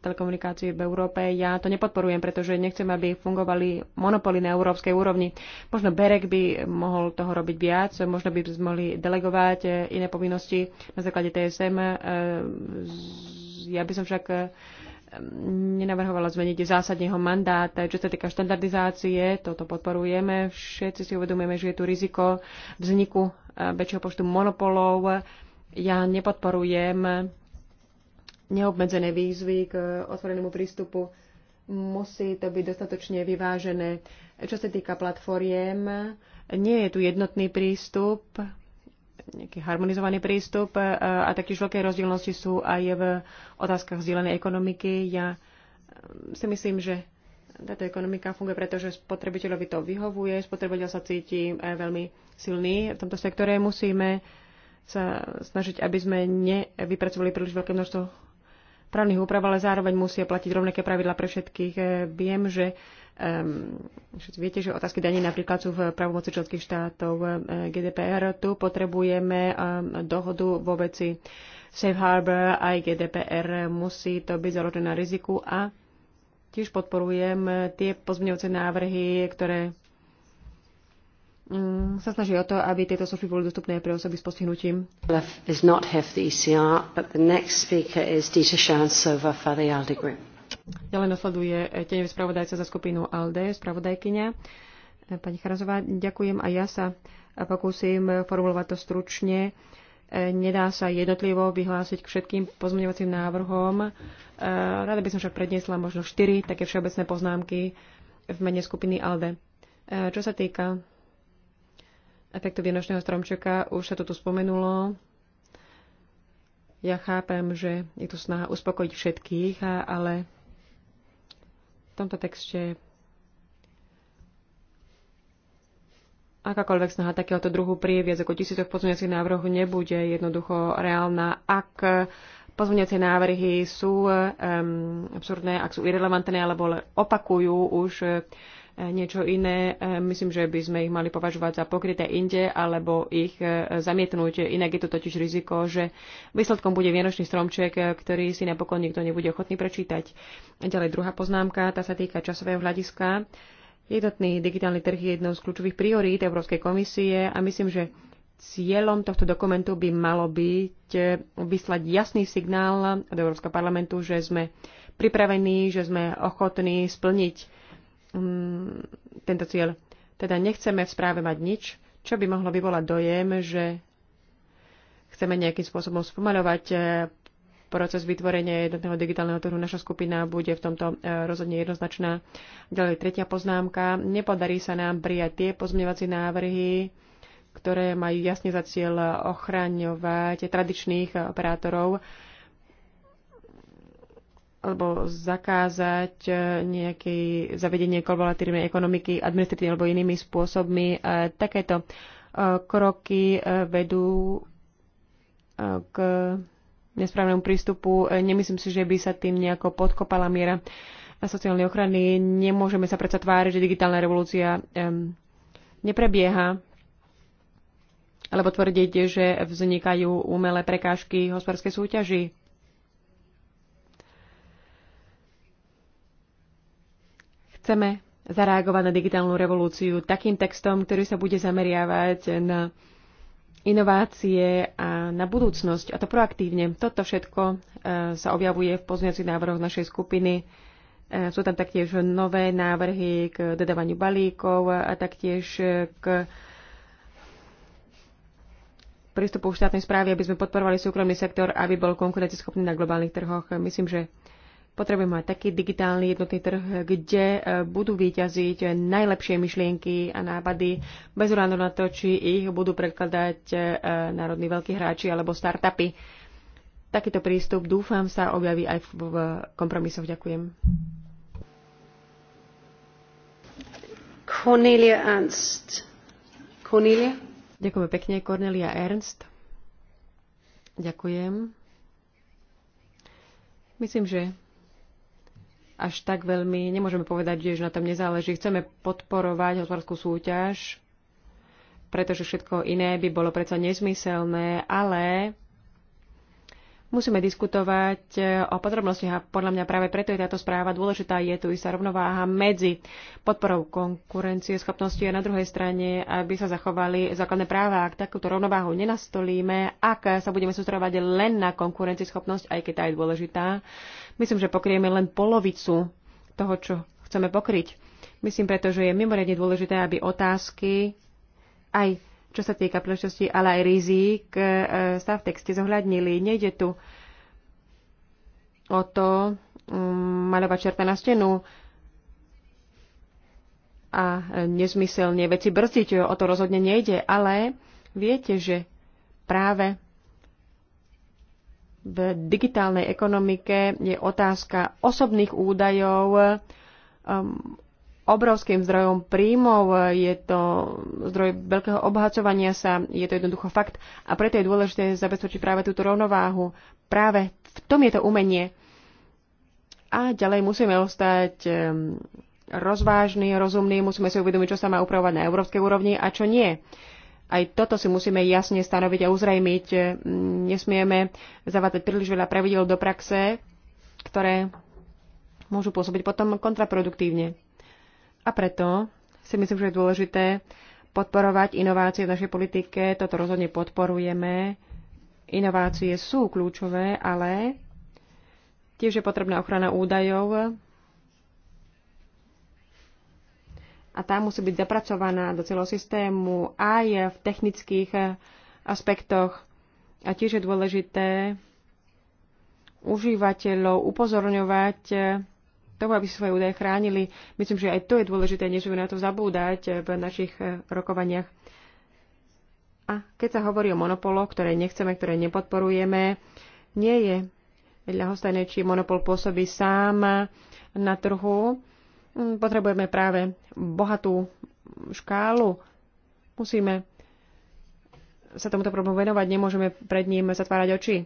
telekomunikácií v Európe, ja to nepodporujem, pretože nechcem, aby fungovali monopoly na európskej úrovni. Možno Berek by mohol toho robiť viac, možno by sme mohli delegovať e, iné povinnosti na základe TSM. Ja by som však nenavrhovala zmeniť zásadne jeho mandát. Čo sa týka štandardizácie, toto podporujeme. Všetci si uvedomujeme, že je tu riziko vzniku eh, väčšieho počtu monopolov. Ja nepodporujem neobmedzené výzvy k eh, otvorenému prístupu. Musí to byť dostatočne vyvážené. Čo sa týka platformiem, nie je tu jednotný prístup nejaký harmonizovaný prístup e, a taktiež veľké rozdielnosti sú aj v otázkach zdieľanej ekonomiky. Ja e, si myslím, že táto ekonomika funguje preto, že spotrebiteľovi to vyhovuje, spotrebiteľ sa cíti e, veľmi silný v tomto sektore. Musíme sa snažiť, aby sme nevypracovali príliš veľké množstvo právnych úprav, ale zároveň musia platiť rovnaké pravidla pre všetkých. E, viem, že um, všetci viete, že otázky daní napríklad sú v pravomoci členských štátov e, GDPR. Tu potrebujeme um, dohodu vo veci Safe Harbor aj GDPR. Musí to byť založené na riziku a tiež podporujem tie pozmeňujúce návrhy, ktoré Mm, sa snaží o to, aby tieto služby boli dostupné pre osoby s postihnutím. E Ďalej nasleduje eh, tenevý spravodajca za skupinu ALDE, spravodajkyňa. Eh, pani Charazová, ďakujem a ja sa pokúsim formulovať to stručne. Eh, nedá sa jednotlivo vyhlásiť k všetkým pozmeňovacím návrhom. Rada by som však predniesla možno štyri také všeobecné poznámky v mene skupiny ALDE. Čo sa týka efektu vianočného stromčeka už sa to tu spomenulo. Ja chápem, že je tu snaha uspokojiť všetkých, ale v tomto texte akákoľvek snaha takéhoto druhu prie viac ako tisícoch pozmeňacích návrhov nebude jednoducho reálna, ak pozmeňacie návrhy sú um, absurdné, ak sú irrelevantné alebo opakujú už uh, niečo iné. E, myslím, že by sme ich mali považovať za pokryté inde alebo ich e, zamietnúť. Inak je to totiž riziko, že výsledkom bude vianočný stromček, e, ktorý si napokon nikto nebude ochotný prečítať. Ďalej druhá poznámka, tá sa týka časového hľadiska. Jednotný digitálny trh je jednou z kľúčových priorít Európskej komisie a myslím, že cieľom tohto dokumentu by malo byť vyslať jasný signál od Európskeho parlamentu, že sme pripravení, že sme ochotní splniť Mm, tento cieľ. Teda nechceme v správe mať nič, čo by mohlo vyvolať dojem, že chceme nejakým spôsobom spomaľovať e, proces vytvorenia jednotného digitálneho trhu. Naša skupina bude v tomto e, rozhodne jednoznačná. Ďalej tretia poznámka. Nepodarí sa nám prijať tie pozmeňovacie návrhy, ktoré majú jasne za cieľ ochraňovať tradičných operátorov alebo zakázať e, nejaké zavedenie kolbolatívnej ekonomiky administratívne alebo inými spôsobmi. E, takéto e, kroky vedú k nesprávnemu prístupu. Nemyslím si, že by sa tým nejako podkopala miera sociálnej ochrany. Nemôžeme sa predsa tváriť, že digitálna revolúcia neprebieha alebo tvrdiť, že vznikajú umelé prekážky hospodárskej súťaži Chceme zareagovať na digitálnu revolúciu takým textom, ktorý sa bude zameriavať na inovácie a na budúcnosť, a to proaktívne. Toto všetko e, sa objavuje v pozmeňacích návrhoch našej skupiny. E, sú tam taktiež nové návrhy k dodávaniu balíkov a taktiež e, k prístupu v štátnej správy, aby sme podporovali súkromný sektor, aby bol konkurenceschopný na globálnych trhoch. Myslím, že Potrebujeme aj taký digitálny jednotný trh, kde e, budú vyťaziť najlepšie myšlienky a nápady bez ohľadu na to, či ich budú prekladať e, národní veľkí hráči alebo startupy. Takýto prístup dúfam sa objaví aj v kompromisoch. Ďakujem. Cornelia Ernst. Cornelia? Ďakujem pekne, Cornelia Ernst. Ďakujem. Myslím, že až tak veľmi, nemôžeme povedať, že na tom nezáleží. Chceme podporovať hospodárskú súťaž, pretože všetko iné by bolo predsa nezmyselné, ale Musíme diskutovať e, o podrobnostiach a podľa mňa práve preto je táto správa dôležitá. Je tu istá rovnováha medzi podporou konkurencie schopnosti a na druhej strane, aby sa zachovali základné práva. Ak takúto rovnováhu nenastolíme, ak sa budeme sústredovať len na schopnosť, aj keď tá je dôležitá, myslím, že pokrieme len polovicu toho, čo chceme pokryť. Myslím preto, že je mimoriadne dôležité, aby otázky aj čo sa týka príležitosti, ale aj rizík, e, sa v texte zohľadnili. Nejde tu o to um, maľovať čerta na stenu a nezmyselne veci brzdiť, o to rozhodne nejde, ale viete, že práve v digitálnej ekonomike je otázka osobných údajov, obrovským zdrojom príjmov, je to zdroj veľkého obhacovania sa, je to jednoducho fakt a preto je dôležité zabezpečiť práve túto rovnováhu. Práve v tom je to umenie. A ďalej musíme ostať rozvážny, rozumný, musíme si uvedomiť, čo sa má upravovať na európskej úrovni a čo nie. Aj toto si musíme jasne stanoviť a uzrejmiť. Nesmieme zavádzať príliš veľa pravidel do praxe, ktoré môžu pôsobiť potom kontraproduktívne. A preto si myslím, že je dôležité podporovať inovácie v našej politike. Toto rozhodne podporujeme. Inovácie sú kľúčové, ale tiež je potrebná ochrana údajov a tá musí byť zapracovaná do celého systému aj v technických aspektoch. A tiež je dôležité užívateľov upozorňovať toho, aby svoje údaje chránili. Myslím, že aj to je dôležité, než na to zabúdať eh, v našich eh, rokovaniach. A keď sa hovorí o monopoloch, ktoré nechceme, ktoré nepodporujeme, nie je ľahostajné, či monopol pôsobí sám eh, na trhu. Mm, potrebujeme práve bohatú škálu. Musíme sa tomuto problému venovať, nemôžeme pred ním zatvárať oči.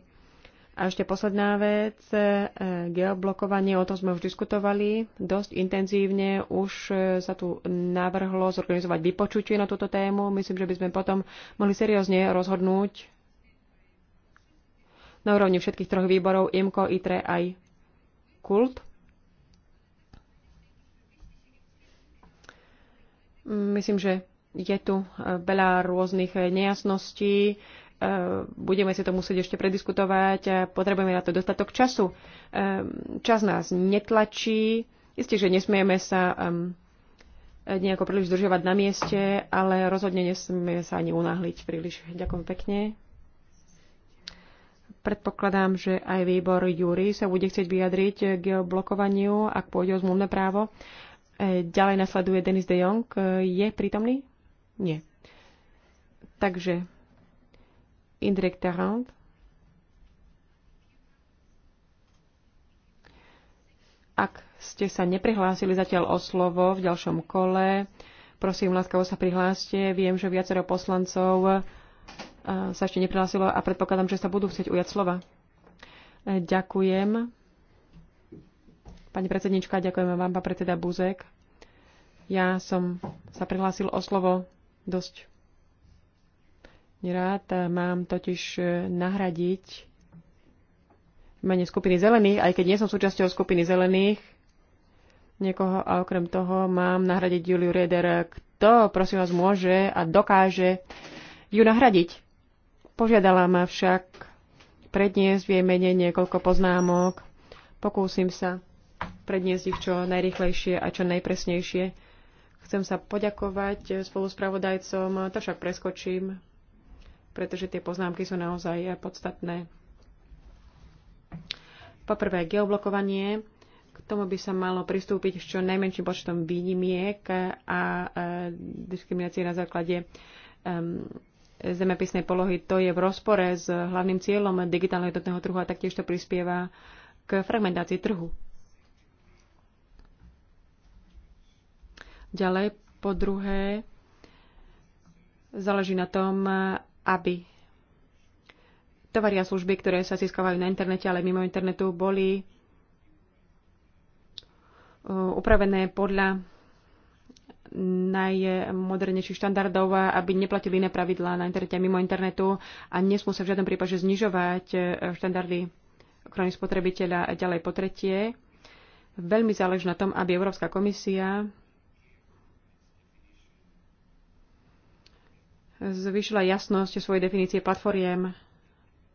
A ešte posledná vec, e, geoblokovanie, o tom sme už diskutovali dosť intenzívne, už e, sa tu navrhlo zorganizovať vypočutie na túto tému. Myslím, že by sme potom mohli seriózne rozhodnúť na úrovni všetkých troch výborov IMCO, ITRE aj KULT. Myslím, že je tu e, veľa rôznych nejasností. Ehm, budeme si to musieť ešte prediskutovať a potrebujeme na to dostatok času. Ehm, čas nás netlačí, isté, že nesmieme sa ehm, nejako príliš zdržovať na mieste, ale rozhodne nesmieme sa ani unáhliť príliš. Ďakujem pekne. Predpokladám, že aj výbor Júri sa bude chcieť vyjadriť k blokovaniu, ak pôjde o zmluvné právo. E, ďalej nasleduje Denis de Jong. E, je prítomný? Nie. Takže y Tarant. Ak ste sa neprihlásili zatiaľ o slovo v ďalšom kole, prosím, láskavo sa prihláste. Viem, že viacero poslancov eh, sa ešte neprihlásilo a predpokladám, že sa budú chcieť ujať slova. Eh, ďakujem. Pani predsednička, ďakujem vám, pán predseda Buzek. Ja som sa prihlásil o slovo dosť rád. E, mám totiž e, nahradiť mene skupiny zelených, aj keď nie som súčasťou skupiny zelených, niekoho a okrem toho mám nahradiť Juliu Reder. Kto, prosím vás, môže a dokáže ju nahradiť? Požiadala ma však predniesť v jej mene niekoľko poznámok. Pokúsim sa predniesť ich čo najrychlejšie a čo najpresnejšie. Chcem sa poďakovať e, spoluspravodajcom, to však preskočím pretože tie poznámky sú naozaj podstatné. Poprvé, geoblokovanie. K tomu by sa malo pristúpiť s čo najmenším počtom výnimiek a diskriminácie na základe zemepisnej polohy. To je v rozpore s hlavným cieľom digitálneho jednotného trhu a taktiež to prispieva k fragmentácii trhu. Ďalej, po druhé, záleží na tom, aby tovaria služby, ktoré sa získavajú na internete, ale mimo internetu, boli e, upravené podľa najmodernejších štandardov, aby neplatili iné pravidlá na internete a mimo internetu a nesmú sa v žiadnom prípade znižovať e, štandardy ochrany spotrebiteľa a ďalej po tretie. Veľmi záleží na tom, aby Európska komisia zvyšila jasnosť svojej definície platformiem.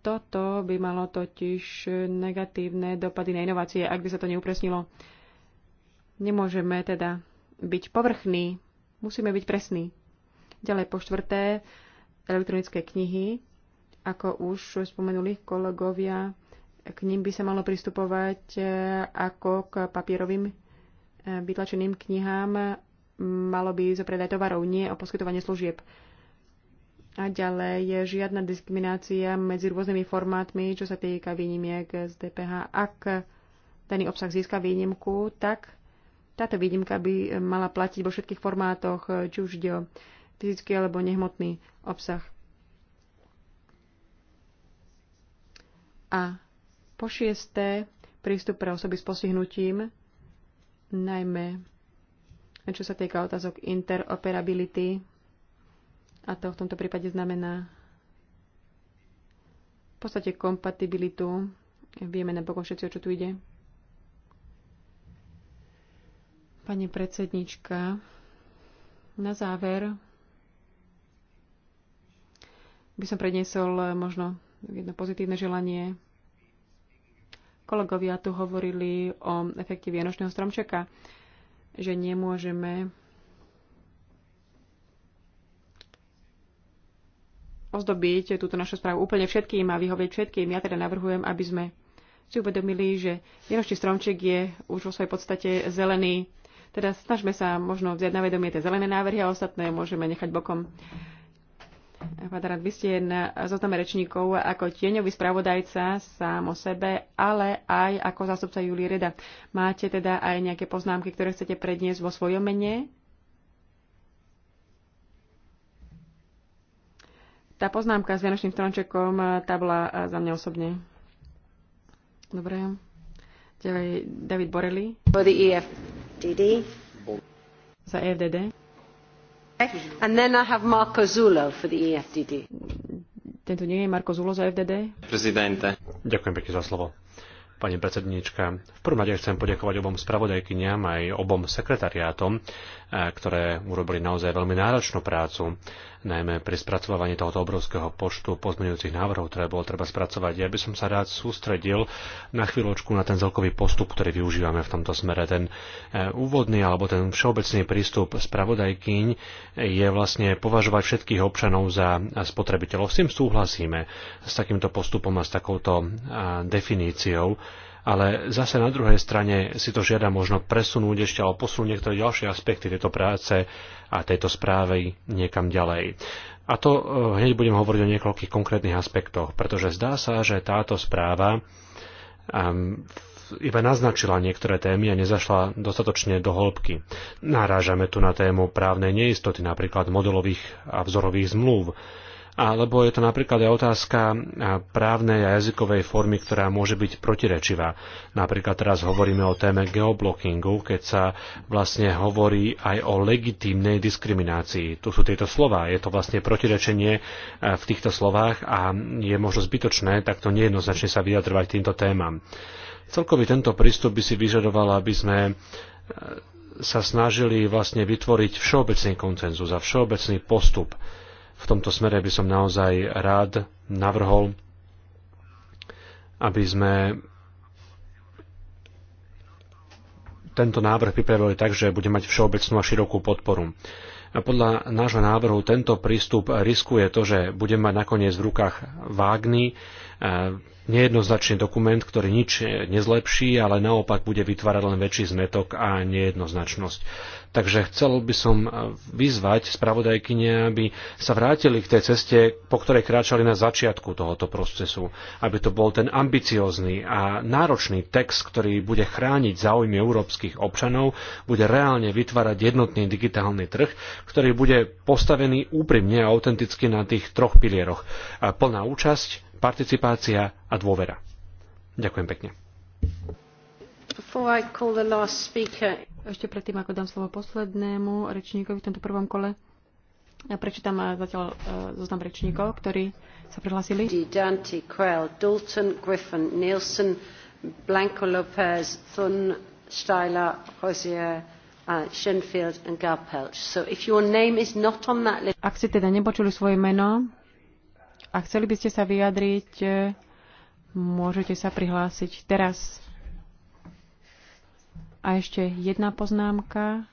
Toto by malo totiž negatívne dopady na inovácie, ak by sa to neupresnilo. Nemôžeme teda byť povrchní, musíme byť presní. Ďalej po štvrté, elektronické knihy. Ako už spomenuli kolegovia, k ním by sa malo pristupovať e, ako k papierovým e, vytlačeným knihám. Malo by zopredať tovarov, nie o poskytovanie služieb. A ďalej je žiadna diskriminácia medzi rôznymi formátmi, čo sa týka výnimiek z DPH. Ak daný obsah získa výnimku, tak táto výnimka by mala platiť vo všetkých formátoch, či už ide o fyzický alebo nehmotný obsah. A po šiesté, prístup pre osoby s postihnutím, najmä čo sa týka otázok interoperability a to v tomto prípade znamená v podstate kompatibilitu. Vieme napokon všetci, o čo tu ide. Pani predsednička, na záver by som predniesol možno jedno pozitívne želanie. Kolegovia tu hovorili o efekte vianočného stromčeka, že nemôžeme ozdobiť túto našu správu úplne všetkým a vyhovieť všetkým. Ja teda navrhujem, aby sme si uvedomili, že vianočný stromček je už vo svojej podstate zelený. Teda snažme sa možno vziať na vedomie tie zelené návrhy a ostatné môžeme nechať bokom. Pán vy ste na zozname rečníkov ako tieňový spravodajca sám o sebe, ale aj ako zástupca Julie Reda. Máte teda aj nejaké poznámky, ktoré chcete predniesť vo svojom mene? Tá poznámka s Vianočným strončekom, eh, tá bola eh, za mňa osobne. Dobre. Ďalej David Borelli. For the EFDD. Za EFDD. And then I have Marco Zulo for the EFDD. Tento nie je Marko Zulo za e FDD. Prezidente. Ďakujem pekne za slovo pani predsedníčka. V prvom rade chcem poďakovať obom spravodajkyniam aj obom sekretariátom, eh, ktoré urobili naozaj veľmi náročnú prácu, najmä pri spracovávaní tohoto obrovského počtu pozmeňujúcich návrhov, ktoré bolo treba spracovať. Ja by som sa rád sústredil na chvíľočku na ten celkový postup, ktorý využívame v tomto smere. Ten eh, úvodný alebo ten všeobecný prístup spravodajkyň je vlastne považovať všetkých občanov za spotrebiteľov. S tým súhlasíme s takýmto postupom a s takouto eh, definíciou ale zase na druhej strane si to žiada možno presunúť ešte alebo posunúť niektoré ďalšie aspekty tejto práce a tejto správy niekam ďalej. A to e, hneď budem hovoriť o niekoľkých konkrétnych aspektoch, pretože zdá sa, že táto správa iba naznačila niektoré témy a nezašla dostatočne do hĺbky. Narážame tu na tému právnej neistoty, napríklad modelových a vzorových zmluv, alebo je to napríklad aj otázka právnej a jazykovej formy, ktorá môže byť protirečivá. Napríklad teraz hovoríme o téme geoblockingu, keď sa vlastne hovorí aj o legitímnej diskriminácii. Tu sú tieto slova, je to vlastne protirečenie v týchto slovách a je možno zbytočné takto nejednoznačne sa vyjadrovať týmto témam. Celkový tento prístup by si vyžadoval, aby sme sa snažili vlastne vytvoriť všeobecný koncenzus a všeobecný postup v tomto smere by som naozaj rád navrhol, aby sme tento návrh pripravili tak, že bude mať všeobecnú a širokú podporu. A podľa nášho návrhu tento prístup riskuje to, že budeme mať nakoniec v rukách vágny nejednoznačný dokument, ktorý nič eh, nezlepší, ale naopak bude vytvárať len väčší zmetok a nejednoznačnosť. Takže chcel by som eh, vyzvať spravodajkyne, aby sa vrátili k tej ceste, po ktorej kráčali na začiatku tohoto procesu, aby to bol ten ambiciózny a náročný text, ktorý bude chrániť záujmy európskych občanov, bude reálne vytvárať jednotný digitálny trh, ktorý bude postavený úprimne a autenticky na tých troch pilieroch. Plná účasť, participácia a dôvera. Ďakujem pekne. Ešte predtým, ako dám slovo poslednému rečníkovi v tomto prvom kole, ja prečítam eh, zatiaľ uh, zoznam rečníkov, ktorí sa prihlásili. Dante, Quell, Dalton, Griffin, Nielsen, Blanco Lopez, Thun, Steiler, Rosier, uh, eh, Schenfield and Garpelch. So if your name is not on that list... Ak si teda nepočuli svoje meno, a chceli by ste sa vyjadriť, e, môžete sa prihlásiť teraz. A ešte jedna poznámka.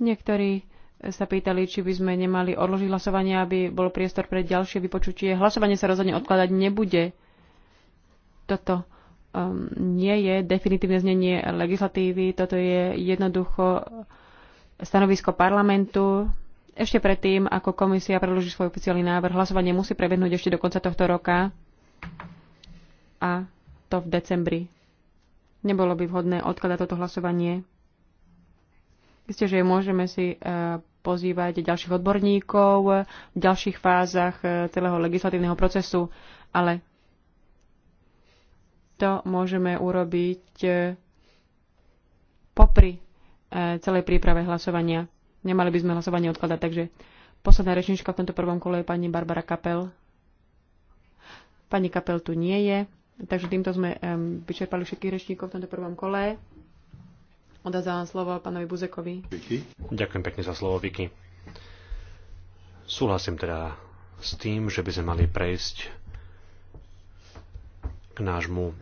Niektorí sa pýtali, či by sme nemali odložiť hlasovanie, aby bol priestor pre ďalšie vypočutie. Hlasovanie sa rozhodne odkladať nebude. Toto um, nie je definitívne znenie legislatívy, toto je jednoducho stanovisko parlamentu ešte predtým, ako komisia predloží svoj oficiálny návrh, hlasovanie musí prebehnúť ešte do konca tohto roka a to v decembri. Nebolo by vhodné odkladať toto hlasovanie. Isté, že môžeme si e, pozývať ďalších odborníkov v ďalších fázach e, celého legislatívneho procesu, ale to môžeme urobiť e, popri celej príprave hlasovania. Nemali by sme hlasovanie odkladať, takže posledná rečnička v tomto prvom kole je pani Barbara Kapel. Pani Kapel tu nie je, takže týmto sme um, vyčerpali všetkých rečníkov v tomto prvom kole. Odazávam slovo pánovi Buzekovi. Ďakujem pekne za slovo, Vicky. Súhlasím teda s tým, že by sme mali prejsť k nášmu eh,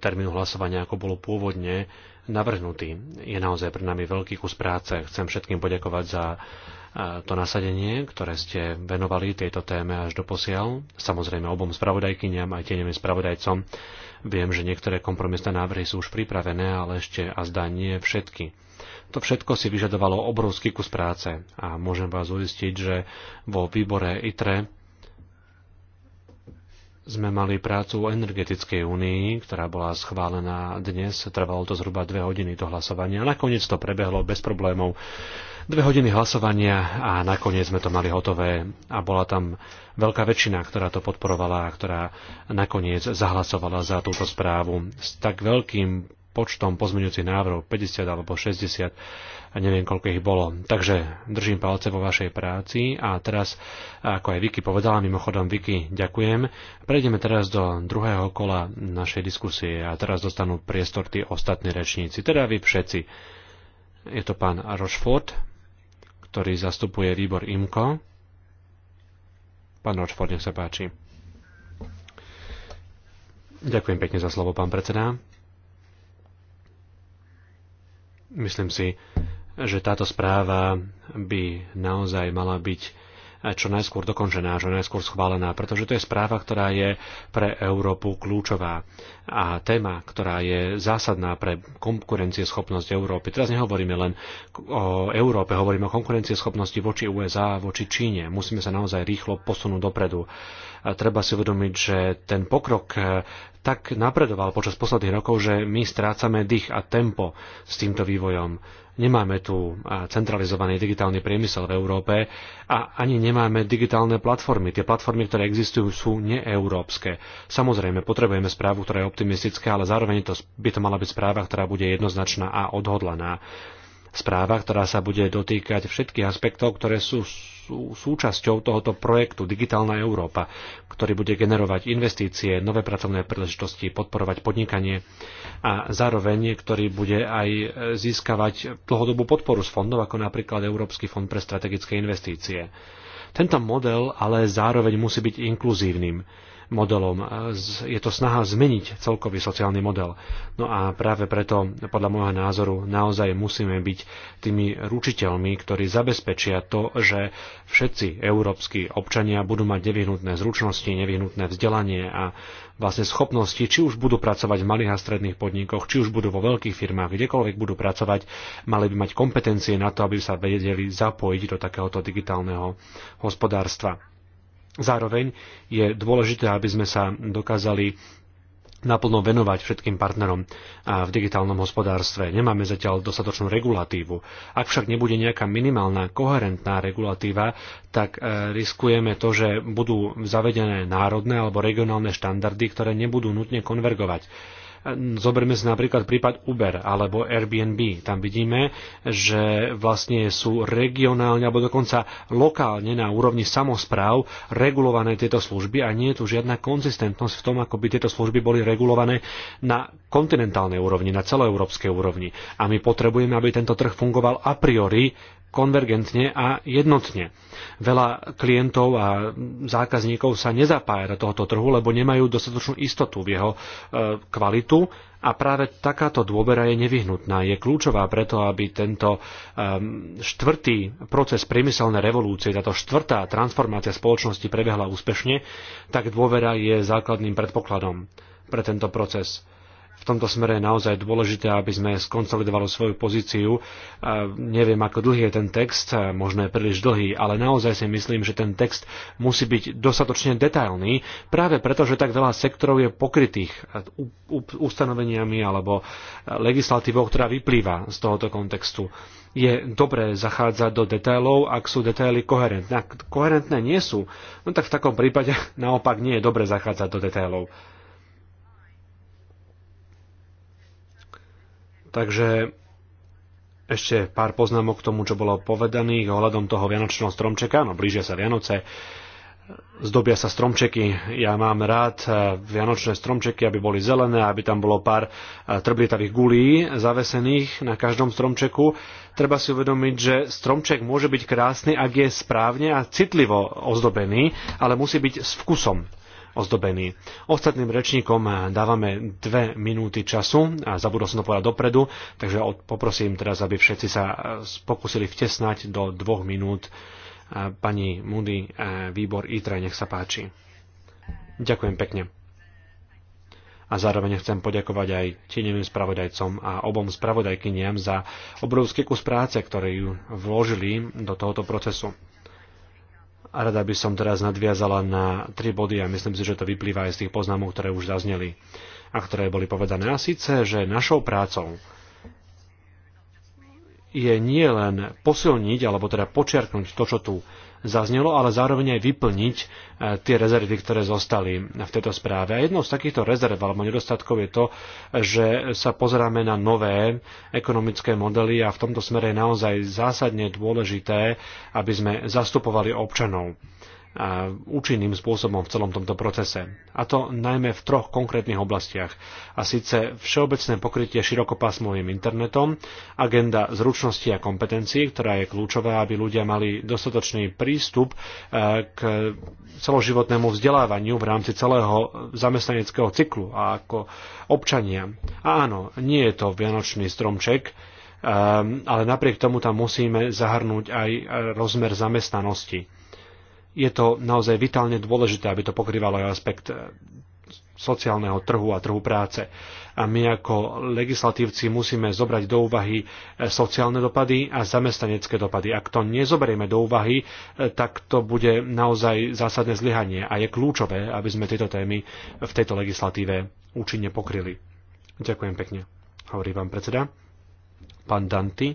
termínu hlasovania, ako bolo pôvodne navrhnutý. Je naozaj pre nami veľký kus práce. Chcem všetkým poďakovať za to nasadenie, ktoré ste venovali tejto téme až do posiaľ. Samozrejme obom spravodajkyniam aj tieňovým spravodajcom. Viem, že niektoré kompromisné návrhy sú už pripravené, ale ešte a zdá nie všetky. To všetko si vyžadovalo obrovský kus práce a môžem vás uistiť, že vo výbore ITRE sme mali prácu o energetickej únii, ktorá bola schválená dnes. Trvalo to zhruba dve hodiny to hlasovanie a nakoniec to prebehlo bez problémov. Dve hodiny hlasovania a nakoniec sme to mali hotové a bola tam veľká väčšina, ktorá to podporovala a ktorá nakoniec zahlasovala za túto správu s tak veľkým počtom pozmeňujúcich návrhov, 50 alebo 60, a neviem koľko ich bolo. Takže držím palce vo vašej práci a teraz, ako aj Vicky povedala, mimochodom Vicky, ďakujem. Prejdeme teraz do druhého kola našej diskusie a teraz dostanú priestor tí ostatní rečníci, teda vy všetci. Je to pán Rochefort, ktorý zastupuje výbor IMCO. Pán Rochefort, nech sa páči. Ďakujem pekne za slovo, pán predseda. Myslím si, že táto správa by naozaj mala byť čo najskôr dokončená, čo najskôr schválená, pretože to je správa, ktorá je pre Európu kľúčová a téma, ktorá je zásadná pre konkurencieschopnosť Európy. Teraz nehovoríme len o Európe, hovoríme o konkurencieschopnosti voči USA, voči Číne. Musíme sa naozaj rýchlo posunúť dopredu. A treba si uvedomiť, že ten pokrok eh, tak napredoval počas posledných rokov, že my strácame dých a tempo s týmto vývojom Nemáme tu centralizovaný digitálny priemysel v Európe a ani nemáme digitálne platformy. Tie platformy, ktoré existujú, sú neeurópske. Samozrejme, potrebujeme správu, ktorá je optimistická, ale zároveň to, by to mala byť správa, ktorá bude jednoznačná a odhodlaná. Správa, ktorá sa bude dotýkať všetkých aspektov, ktoré sú sú súčasťou tohoto projektu Digitálna Európa, ktorý bude generovať investície, nové pracovné príležitosti, podporovať podnikanie a zároveň, ktorý bude aj získavať dlhodobú podporu z fondov, ako napríklad Európsky fond pre strategické investície. Tento model ale zároveň musí byť inkluzívnym modelom. Je to snaha zmeniť celkový sociálny model. No a práve preto, podľa môjho názoru, naozaj musíme byť tými ručiteľmi, ktorí zabezpečia to, že všetci európsky občania budú mať nevyhnutné zručnosti, nevyhnutné vzdelanie a vlastne schopnosti, či už budú pracovať v malých a stredných podnikoch, či už budú vo veľkých firmách, kdekoľvek budú pracovať, mali by mať kompetencie na to, aby sa vedeli zapojiť do takéhoto digitálneho hospodárstva. Zároveň je dôležité, aby sme sa dokázali naplno venovať všetkým partnerom v digitálnom hospodárstve. Nemáme zatiaľ dostatočnú regulatívu. Ak však nebude nejaká minimálna, koherentná regulatíva, tak e, riskujeme to, že budú zavedené národné alebo regionálne štandardy, ktoré nebudú nutne konvergovať. Zoberme si napríklad prípad Uber alebo Airbnb. Tam vidíme, že vlastne sú regionálne alebo dokonca lokálne na úrovni samozpráv regulované tieto služby a nie je tu žiadna konzistentnosť v tom, ako by tieto služby boli regulované na kontinentálnej úrovni, na celoeurópskej úrovni. A my potrebujeme, aby tento trh fungoval a priori konvergentne a jednotne. Veľa klientov a zákazníkov sa nezapája do tohoto trhu, lebo nemajú dostatočnú istotu v jeho e, kvalitu a práve takáto dôvera je nevyhnutná. Je kľúčová preto, aby tento štvrtý proces priemyselnej revolúcie, táto štvrtá transformácia spoločnosti prebehla úspešne, tak dôvera je základným predpokladom pre tento proces v tomto smere je naozaj dôležité, aby sme skonsolidovali svoju pozíciu. Neviem, ako dlhý je ten text, možno je príliš dlhý, ale naozaj si myslím, že ten text musí byť dostatočne detailný, práve preto, že tak veľa sektorov je pokrytých ustanoveniami alebo legislatívou, ktorá vyplýva z tohoto kontextu je dobré zachádzať do detailov, ak sú detaily koherentné. Ak koherentné nie sú, no tak v takom prípade naopak nie je dobré zachádzať do detailov. Takže ešte pár poznámok k tomu, čo bolo povedaných ohľadom toho vianočného stromčeka. No, blížia sa Vianoce, zdobia sa stromčeky. Ja mám rád eh, vianočné stromčeky, aby boli zelené, aby tam bolo pár eh, trblietavých gulí zavesených na každom stromčeku. Treba si uvedomiť, že stromček môže byť krásny, ak je správne a citlivo ozdobený, ale musí byť s vkusom ozdobený. Ostatným rečníkom dávame dve minúty času a zabudol som to povedať dopredu, takže poprosím teraz, aby všetci sa eh, pokúsili vtesnať do dvoch minút. Pani Moody, eh, výbor ITRE, nech sa páči. Ďakujem pekne. A zároveň chcem poďakovať aj tieňovým spravodajcom a obom spravodajkyniam za obrovský kus práce, ktoré ju vložili do tohoto procesu. A rada by som teraz nadviazala na tri body a myslím si, že to vyplýva aj z tých poznámov, ktoré už zazneli a ktoré boli povedané. A síce, že našou prácou je nie len posilniť, alebo teda počiarknúť to, čo tu zaznelo, ale zároveň aj vyplniť e, tie rezervy, ktoré zostali v tejto správe. A jednou z takýchto rezerv alebo nedostatkov je to, že sa pozeráme na nové ekonomické modely a v tomto smere je naozaj zásadne dôležité, aby sme zastupovali občanov účinným spôsobom v celom tomto procese. A to najmä v troch konkrétnych oblastiach. A síce všeobecné pokrytie širokopásmovým internetom, agenda zručnosti a kompetencií, ktorá je kľúčová, aby ľudia mali dostatočný prístup e, k celoživotnému vzdelávaniu v rámci celého zamestnaneckého cyklu a ako občania. A áno, nie je to vianočný stromček, e, ale napriek tomu tam musíme zahrnúť aj e, rozmer zamestnanosti je to naozaj vitálne dôležité, aby to pokrývalo aj aspekt e, sociálneho trhu a trhu práce. A my ako legislatívci musíme zobrať do úvahy e, sociálne dopady a zamestnanecké dopady. Ak to nezoberieme do úvahy, e, tak to bude naozaj zásadné zlyhanie a je kľúčové, aby sme tieto témy v tejto legislatíve účinne pokryli. Ďakujem pekne, hovorí vám predseda. Pán Danti,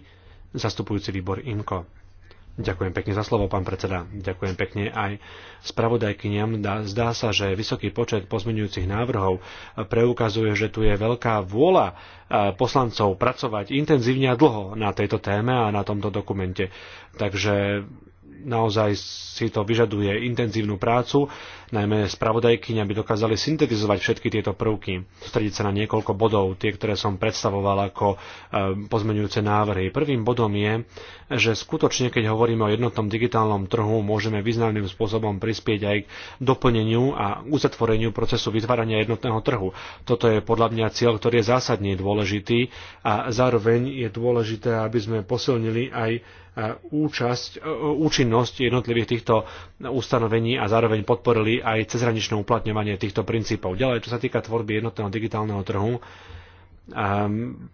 zastupujúci výbor Inko. Ďakujem pekne za slovo, pán predseda. Ďakujem pekne aj spravodajkyniam. Zdá sa, že vysoký počet pozmeňujúcich návrhov preukazuje, že tu je veľká vôľa e, poslancov pracovať intenzívne a dlho na tejto téme a na tomto dokumente. Takže naozaj si to vyžaduje intenzívnu prácu, najmä spravodajkyňa aby dokázali syntetizovať všetky tieto prvky. Strediť sa na niekoľko bodov, tie, ktoré som predstavoval ako e, pozmenujúce návrhy. Prvým bodom je, že skutočne, keď hovoríme o jednotnom digitálnom trhu, môžeme významným spôsobom prispieť aj k doplneniu a uzatvoreniu procesu vytvárania jednotného trhu. Toto je podľa mňa cieľ, ktorý je zásadne dôležitý a zároveň je dôležité, aby sme posilnili aj e, účasť, e, účinnosť účinnosť jednotlivých týchto ustanovení a zároveň podporili aj cezhraničné uplatňovanie týchto princípov. Ďalej, čo sa týka tvorby jednotného digitálneho trhu, ehm,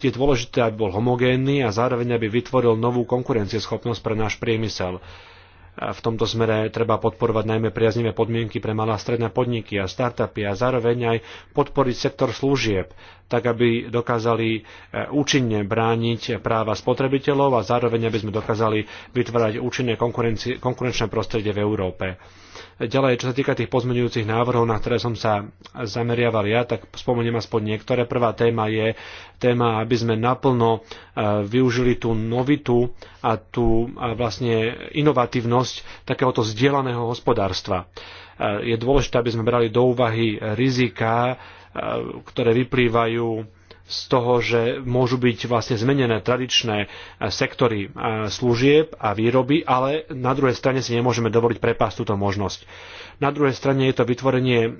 je dôležité, aby bol homogénny a zároveň aby vytvoril novú konkurencieschopnosť pre náš priemysel v tomto smere treba podporovať najmä priaznivé podmienky pre malé a stredné podniky a startupy a zároveň aj podporiť sektor služieb, tak aby dokázali e, účinne brániť práva spotrebiteľov a zároveň aby sme dokázali vytvárať účinné konkurenčné prostredie v Európe. Ďalej, čo sa týka tých pozmeňujúcich návrhov, na ktoré som sa zameriaval ja, tak spomeniem aspoň niektoré. Prvá téma je téma, aby sme naplno e, využili tú novitu a tú e, vlastne inovatívnosť takéhoto zdieľaného hospodárstva. E, je dôležité, aby sme brali do úvahy rizika, ktoré vyplývajú z toho, že môžu byť vlastne zmenené tradičné e, sektory e, služieb a výroby, ale na druhej strane si nemôžeme dovoliť prepásť túto možnosť. Na druhej strane je to vytvorenie e,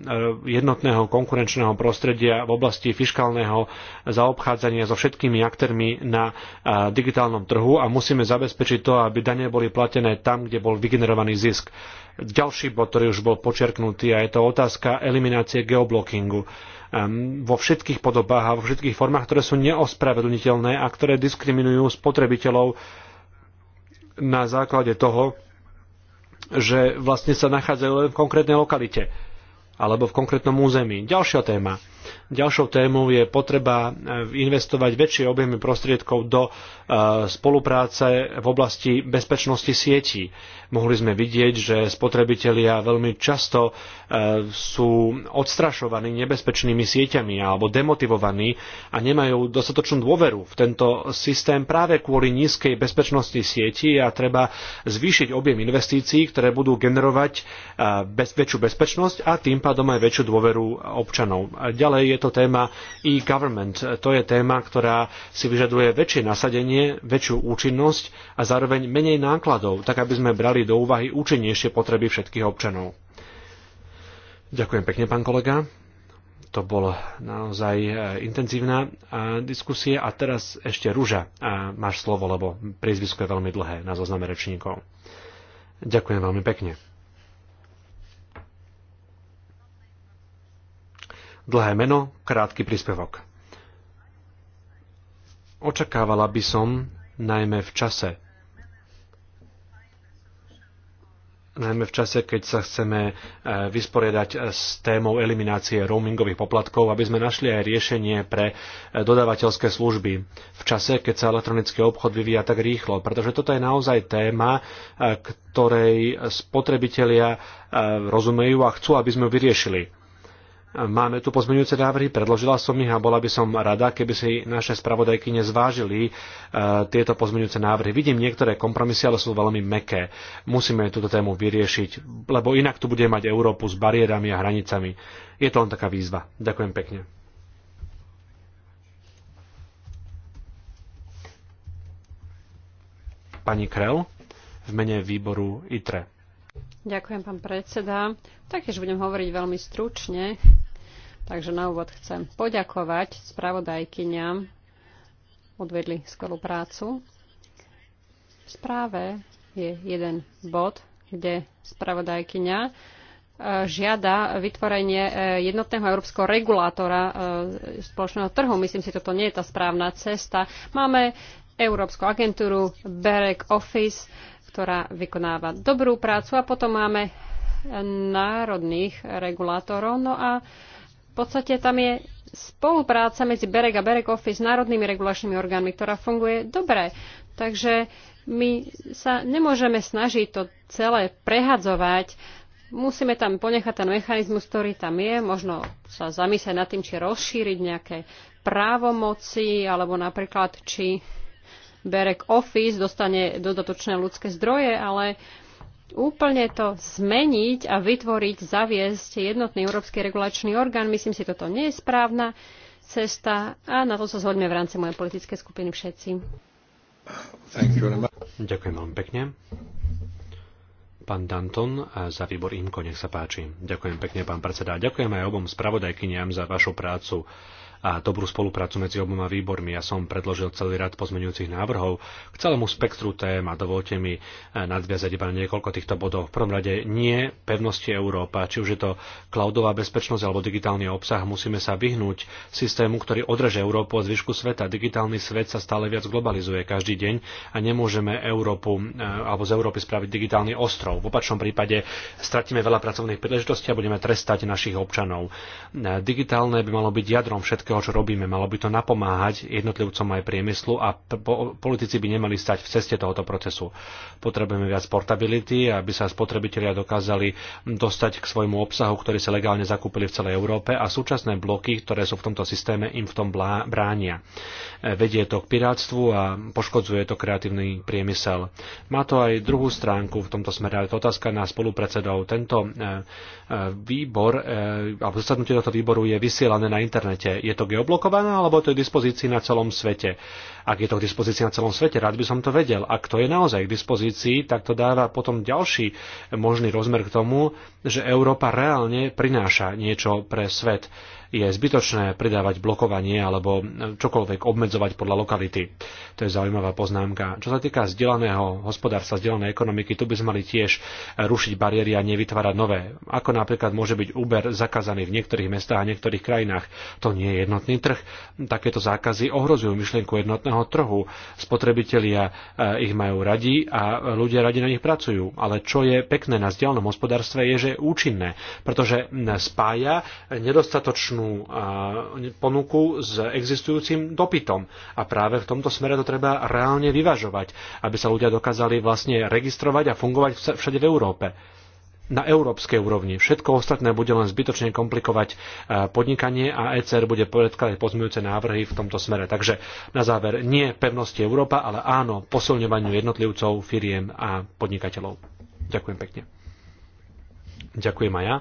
jednotného konkurenčného prostredia v oblasti fiškálneho zaobchádzania so všetkými aktérmi na e, digitálnom trhu a musíme zabezpečiť to, aby dane boli platené tam, kde bol vygenerovaný zisk. Ďalší bod, ktorý už bol počerknutý, a je to otázka eliminácie geoblockingu e, vo všetkých podobách a vo všetkých formách, ktoré sú neospravedlniteľné a ktoré diskriminujú spotrebiteľov na základe toho, že vlastne sa nachádzajú len v konkrétnej lokalite alebo v konkrétnom území. Ďalšia téma Ďalšou témou je potreba e, investovať väčšie objemy prostriedkov do e, spolupráce v oblasti bezpečnosti sietí. Mohli sme vidieť, že spotrebitelia veľmi často e, sú odstrašovaní nebezpečnými sieťami alebo demotivovaní a nemajú dostatočnú dôveru v tento systém práve kvôli nízkej bezpečnosti sieti a treba zvýšiť objem investícií, ktoré budú generovať väčšiu bezpečnosť a tým pádom aj väčšiu dôveru občanov. Ďalej je je to téma e-government. To je téma, ktorá si vyžaduje väčšie nasadenie, väčšiu účinnosť a zároveň menej nákladov, tak aby sme brali do úvahy účinnejšie potreby všetkých občanov. Ďakujem pekne, pán kolega to bol naozaj e, intenzívna e, diskusia. A teraz ešte Rúža e, máš slovo, lebo priezvisko je veľmi dlhé na zozname rečníkov. Ďakujem veľmi pekne. Dlhé meno, krátky príspevok. Očakávala by som, najmä v čase, najmä v čase, keď sa chceme e, vysporiadať s témou eliminácie roamingových poplatkov, aby sme našli aj riešenie pre e, dodávateľské služby v čase, keď sa elektronický obchod vyvíja tak rýchlo. Pretože toto je naozaj téma, e, ktorej spotrebitelia rozumejú a chcú, aby sme ju vyriešili. Máme tu pozmeňujúce návrhy, predložila som ich a bola by som rada, keby si naše spravodajky nezvážili e, tieto pozmeňujúce návrhy. Vidím niektoré kompromisy, ale sú veľmi meké. Musíme túto tému vyriešiť, lebo inak tu bude mať Európu s bariérami a hranicami. Je to len taká výzva. Ďakujem pekne. Pani Krel, v mene výboru ITRE. Ďakujem, pán predseda. Taktiež budem hovoriť veľmi stručne Takže na úvod chcem poďakovať spravodajkyňam, odvedli skvelú prácu. V správe je jeden bod, kde spravodajkyňa e, žiada vytvorenie e, jednotného európskeho regulátora e, spoločného trhu. Myslím si, toto nie je tá správna cesta. Máme Európsku agentúru BEREC Office, ktorá vykonáva dobrú prácu a potom máme národných regulátorov. No a v podstate tam je spolupráca medzi Berek a Berek Office s národnými regulačnými orgánmi, ktorá funguje dobre. Takže my sa nemôžeme snažiť to celé prehadzovať. Musíme tam ponechať ten mechanizmus, ktorý tam je, možno sa zamyslieť nad tým, či rozšíriť nejaké právomoci, alebo napríklad, či Berek Office dostane dodatočné ľudské zdroje, ale uh, úplne to zmeniť a vytvoriť, zaviesť jednotný európsky regulačný orgán. Myslím si, toto nie je správna cesta a na to sa zhodneme v rámci mojej politickej skupiny všetci. Ďakujem veľmi pekne. Pán Danton za výbor Inko, nech sa páči. Ďakujem pekne, pán predseda. Ďakujem aj obom spravodajkyniam za vašu prácu a dobrú spoluprácu medzi oboma výbormi. Ja som predložil celý rad pozmeňujúcich návrhov k celému spektru tém a dovolte mi eh, nadviazať iba niekoľko týchto bodov. V prvom rade nie pevnosti Európa, či už je to cloudová bezpečnosť alebo digitálny obsah, musíme sa vyhnúť systému, ktorý odreže Európu od zvyšku sveta. Digitálny svet sa stále viac globalizuje každý deň a nemôžeme Európu eh, alebo z Európy spraviť digitálny ostrov. V opačnom prípade stratíme veľa pracovných príležitostí a budeme trestať našich občanov. Eh, digitálne by malo byť jadrom všetkého všetkého, čo robíme. Malo by to napomáhať jednotlivcom aj priemyslu a politici by nemali stať v ceste tohoto procesu. Potrebujeme viac portability, aby sa spotrebitelia dokázali dostať k svojmu obsahu, ktorý sa legálne zakúpili v celej Európe a súčasné bloky, ktoré sú v tomto systéme, im v tom bránia. E, vedie to k pirátstvu a poškodzuje to kreatívny priemysel. Má to aj druhú stránku v tomto smere, ale to otázka na spolupredsedov. Tento e, e, výbor, alebo zasadnutie tohto výboru je vysielané na internete. Je to to geoblokované, alebo to je dispozícii na celom svete. Ak je to k dispozícii na celom svete, rád by som to vedel. Ak to je naozaj k dispozícii, tak to dáva potom ďalší možný rozmer k tomu, že Európa reálne prináša niečo pre svet. Je zbytočné pridávať blokovanie alebo čokoľvek obmedzovať podľa lokality. To je zaujímavá poznámka. Čo sa týka zdieľaného hospodárstva, zdieľanej ekonomiky, tu by sme mali tiež rušiť bariéry a nevytvárať nové. Ako napríklad môže byť Uber zakázaný v niektorých mestách a niektorých krajinách. To nie je jednotný trh. Takéto zákazy ohrozujú myšlienku jednotného vnútorného trhu. Spotrebitelia e, ich majú radi a ľudia radi na nich pracujú. Ale čo je pekné na vzdialenom hospodárstve je, že je účinné, pretože spája nedostatočnú e, ponuku s existujúcim dopytom. A práve v tomto smere to treba reálne vyvažovať, aby sa ľudia dokázali vlastne registrovať a fungovať všade v Európe na európskej úrovni. Všetko ostatné bude len zbytočne komplikovať e, podnikanie a ECR bude predkladať pozmujúce návrhy v tomto smere. Takže na záver nie pevnosti Európa, ale áno posilňovaniu jednotlivcov, firiem a podnikateľov. Ďakujem pekne. Ďakujem aj ja.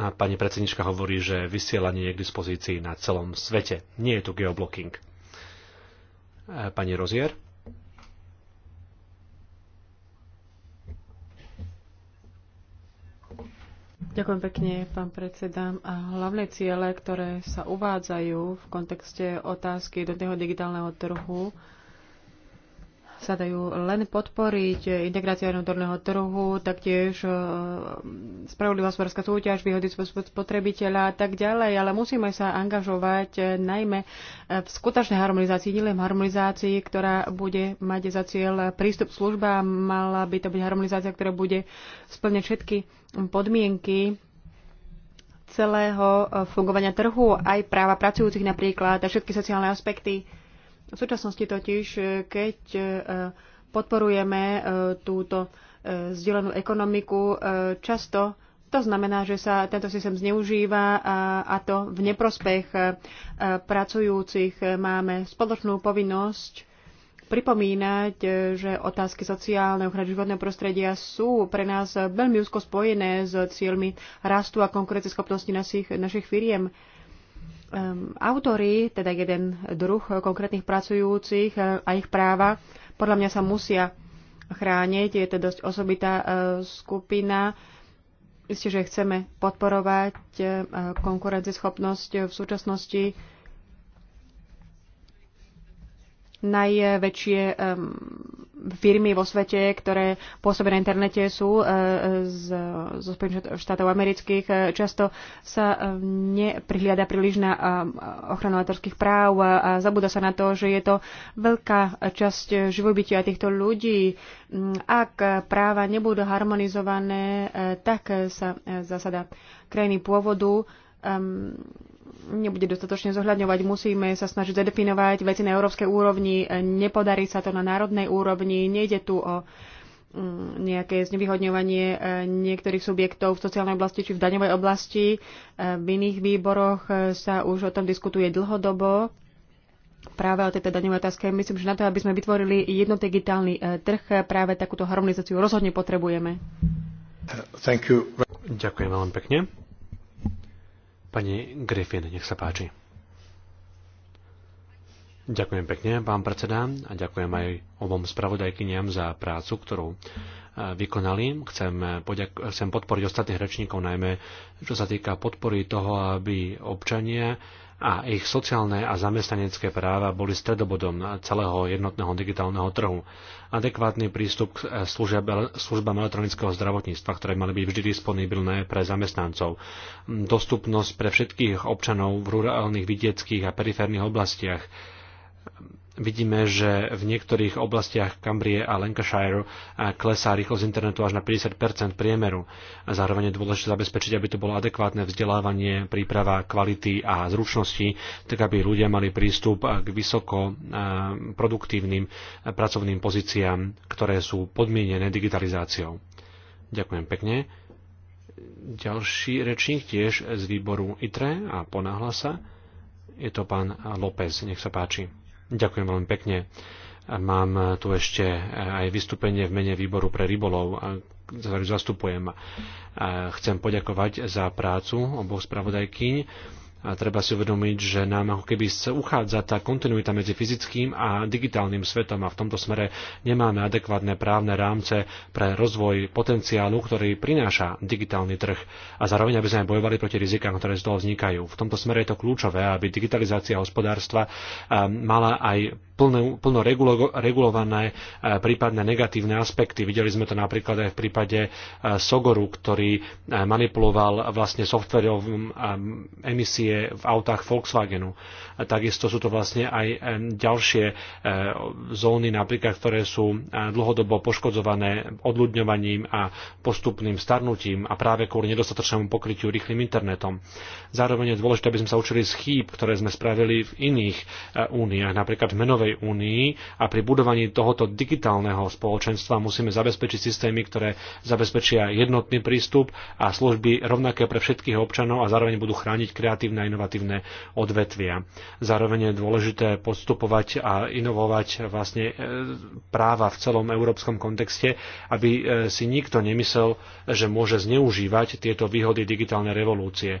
A pani predsednička hovorí, že vysielanie je k dispozícii na celom svete. Nie je tu geoblocking. E, pani Rozier? Ďakujem pekne, pán predseda. A hlavné ciele, ktoré sa uvádzajú v kontexte otázky do toho digitálneho trhu, sa dajú len podporiť integrácia vnútorného trhu, taktiež e, spravodlivá hospodárska súťaž, výhody spotrebiteľa a tak ďalej, ale musíme sa angažovať e, najmä e, v skutočnej harmonizácii, nielen v harmonizácii, ktorá bude mať za cieľ prístup k službám, mala by to byť harmonizácia, ktorá bude splňať všetky podmienky celého fungovania trhu, aj práva pracujúcich napríklad a všetky sociálne aspekty v súčasnosti totiž, e, keď e, podporujeme e, túto zdieľanú ekonomiku, často to znamená, že sa tento systém zneužíva a to v neprospech pracujúcich. Máme spoločnú povinnosť pripomínať, že otázky sociálne ochrany životného prostredia sú pre nás veľmi úzko spojené s cieľmi rastu a konkurencieschopnosti našich, našich firiem um, autory, teda jeden druh konkrétnych pracujúcich eh, a ich práva, podľa mňa sa musia chrániť. Je to dosť osobitá uh, skupina. Isté, že chceme podporovať uh, konkurenceschopnosť v súčasnosti Najväčšie firmy vo svete, ktoré pôsobia na internete, sú e, zo Spojených štátov amerických. E, často sa e, neprihliada príliš na ochranu autorských práv a zabúda sa na to, že je to veľká časť živobytia týchto ľudí. Mm, ak práva nebudú harmonizované, tak sa zasada krajiny pôvodu um, nebude dostatočne zohľadňovať. Musíme sa snažiť zadefinovať veci na európskej úrovni. Nepodarí sa to na národnej úrovni. Nejde tu o mm, nejaké znevýhodňovanie e, niektorých subjektov v sociálnej oblasti či v daňovej oblasti. E, v iných výboroch e, sa už o tom diskutuje dlhodobo práve o tejto daňovej otázke. Myslím, že na to, aby sme vytvorili jednotný digitálny trh, práve takúto harmonizáciu rozhodne potrebujeme. Ďakujem veľmi pekne. Pani Griffin, nech sa páči. Ďakujem pekne, pán predseda, a ďakujem aj obom spravodajkyniam za prácu, ktorú e, vykonali. Chcem, poďak- chcem podporiť ostatných rečníkov, najmä čo sa týka podpory toho, aby občania a ich sociálne a zamestnanecké práva boli stredobodom celého jednotného digitálneho trhu. Adekvátny prístup k eh, službám elektronického zdravotníctva, ktoré mali byť vždy disponibilné pre zamestnancov. Dostupnosť pre všetkých občanov v rurálnych, vidieckých a periférnych oblastiach Vidíme, že v niektorých oblastiach Cambrie a Lancashire eh, klesá rýchlosť internetu až na 50 priemeru. A zároveň je dôležité zabezpečiť, aby to bolo adekvátne vzdelávanie, príprava kvality a zručnosti, tak aby ľudia mali prístup eh, k vysoko eh, produktívnym pracovným pozíciám, ktoré sú podmienené digitalizáciou. Ďakujem pekne. Ďalší rečník tiež z výboru ITRE a ponáhla sa. Je to pán López, nech sa páči. Ďakujem veľmi pekne. Mám tu ešte e, aj vystúpenie v mene výboru pre rybolov, e, ktorý zastupujem. Chcem poďakovať za prácu oboch spravodajkyň a treba si uvedomiť, že nám ako keby sa uchádza tá kontinuita medzi fyzickým a digitálnym svetom a v tomto smere nemáme adekvátne právne rámce pre rozvoj potenciálu, ktorý prináša digitálny trh a zároveň, aby sme bojovali proti rizikám, ktoré z toho vznikajú. V tomto smere je to kľúčové, aby digitalizácia hospodárstva mala aj plno, plno regulo, regulované prípadne negatívne aspekty. Videli sme to napríklad aj v prípade Sogoru, ktorý manipuloval vlastne softverovým emisie je v autách Volkswagenu. takisto sú to vlastne aj eh, ďalšie eh, zóny, napríklad, ktoré sú eh, dlhodobo poškodzované odľudňovaním a postupným starnutím a práve kvôli nedostatočnému pokrytiu rýchlým internetom. Zároveň je dôležité, aby sme sa učili z chýb, ktoré sme spravili v iných úniách, napríklad v menovej únii a pri budovaní tohoto digitálneho spoločenstva musíme zabezpečiť systémy, ktoré zabezpečia jednotný prístup a služby rovnaké pre všetkých občanov a zároveň budú chrániť kreatívne na inovatívne odvetvia. Zároveň je dôležité postupovať a inovovať vlastne e, práva v celom európskom kontexte, aby e, si nikto nemyslel, že môže zneužívať tieto výhody digitálnej revolúcie. E,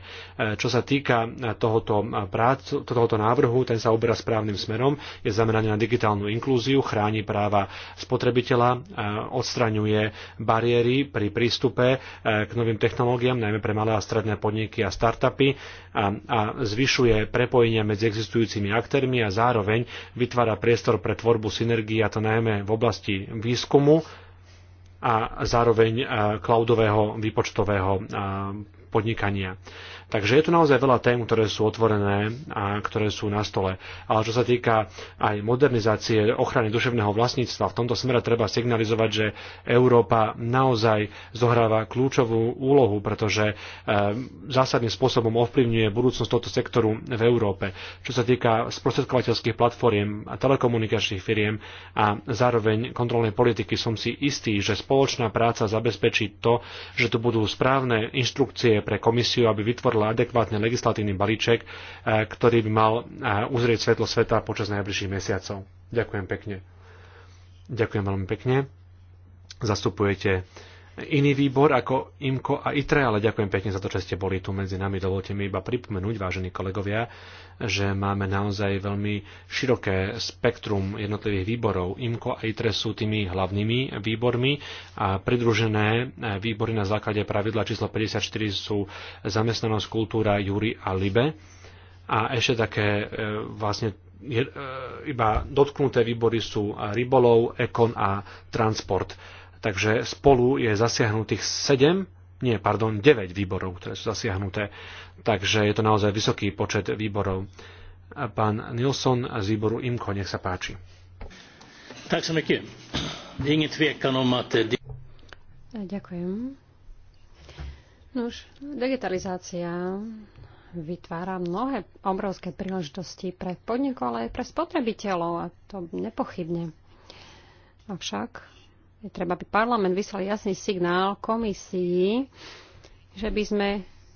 čo sa týka tohoto, prác, tohoto návrhu, ten sa uberá správnym smerom, je zameraný na digitálnu inklúziu, chráni práva spotrebiteľa, odstraňuje bariéry pri prístupe k novým technológiám, najmä pre malé a stredné podniky a startupy a a zvyšuje prepojenia medzi existujúcimi aktérmi a zároveň vytvára priestor pre tvorbu synergií a to najmä v oblasti výskumu a zároveň eh, cloudového výpočtového eh, podnikania. Takže je tu naozaj veľa tém, ktoré sú otvorené a ktoré sú na stole. Ale čo sa týka aj modernizácie ochrany duševného vlastníctva, v tomto smere treba signalizovať, že Európa naozaj zohráva kľúčovú úlohu, pretože e, zásadným spôsobom ovplyvňuje budúcnosť tohto sektoru v Európe. Čo sa týka sprostredkovateľských platform a telekomunikačných firiem a zároveň kontrolnej politiky, som si istý, že spoločná práca zabezpečí to, že tu budú správne inštrukcie pre komisiu, aby vytvorila pripravila adekvátny legislatívny balíček, e, ktorý by mal e, uzrieť svetlo sveta počas najbližších mesiacov. Ďakujem pekne. Ďakujem veľmi pekne. Zastupujete iný výbor ako IMKO a ITRE, ale ďakujem pekne za to, že ste boli tu medzi nami. Dovolte mi iba pripomenúť, vážení kolegovia, že máme naozaj veľmi široké spektrum jednotlivých výborov. IMKO a ITRE sú tými hlavnými výbormi a pridružené výbory na základe pravidla číslo 54 sú zamestnanosť, kultúra, júri a libe. A ešte také e, vlastne e, iba dotknuté výbory sú rybolov, ekon a transport Takže spolu je zasiahnutých 7, nie, pardon, 9 výborov, ktoré sú zasiahnuté. Takže je to naozaj vysoký počet výborov. Pán Nilsson z výboru IMKO, nech sa páči. Tak som Ďakujem. Nož, digitalizácia vytvára mnohé obrovské príležitosti pre podnikov, ale aj pre spotrebiteľov a to nepochybne. Avšak treba by parlament vyslal jasný signál komisii, že by sme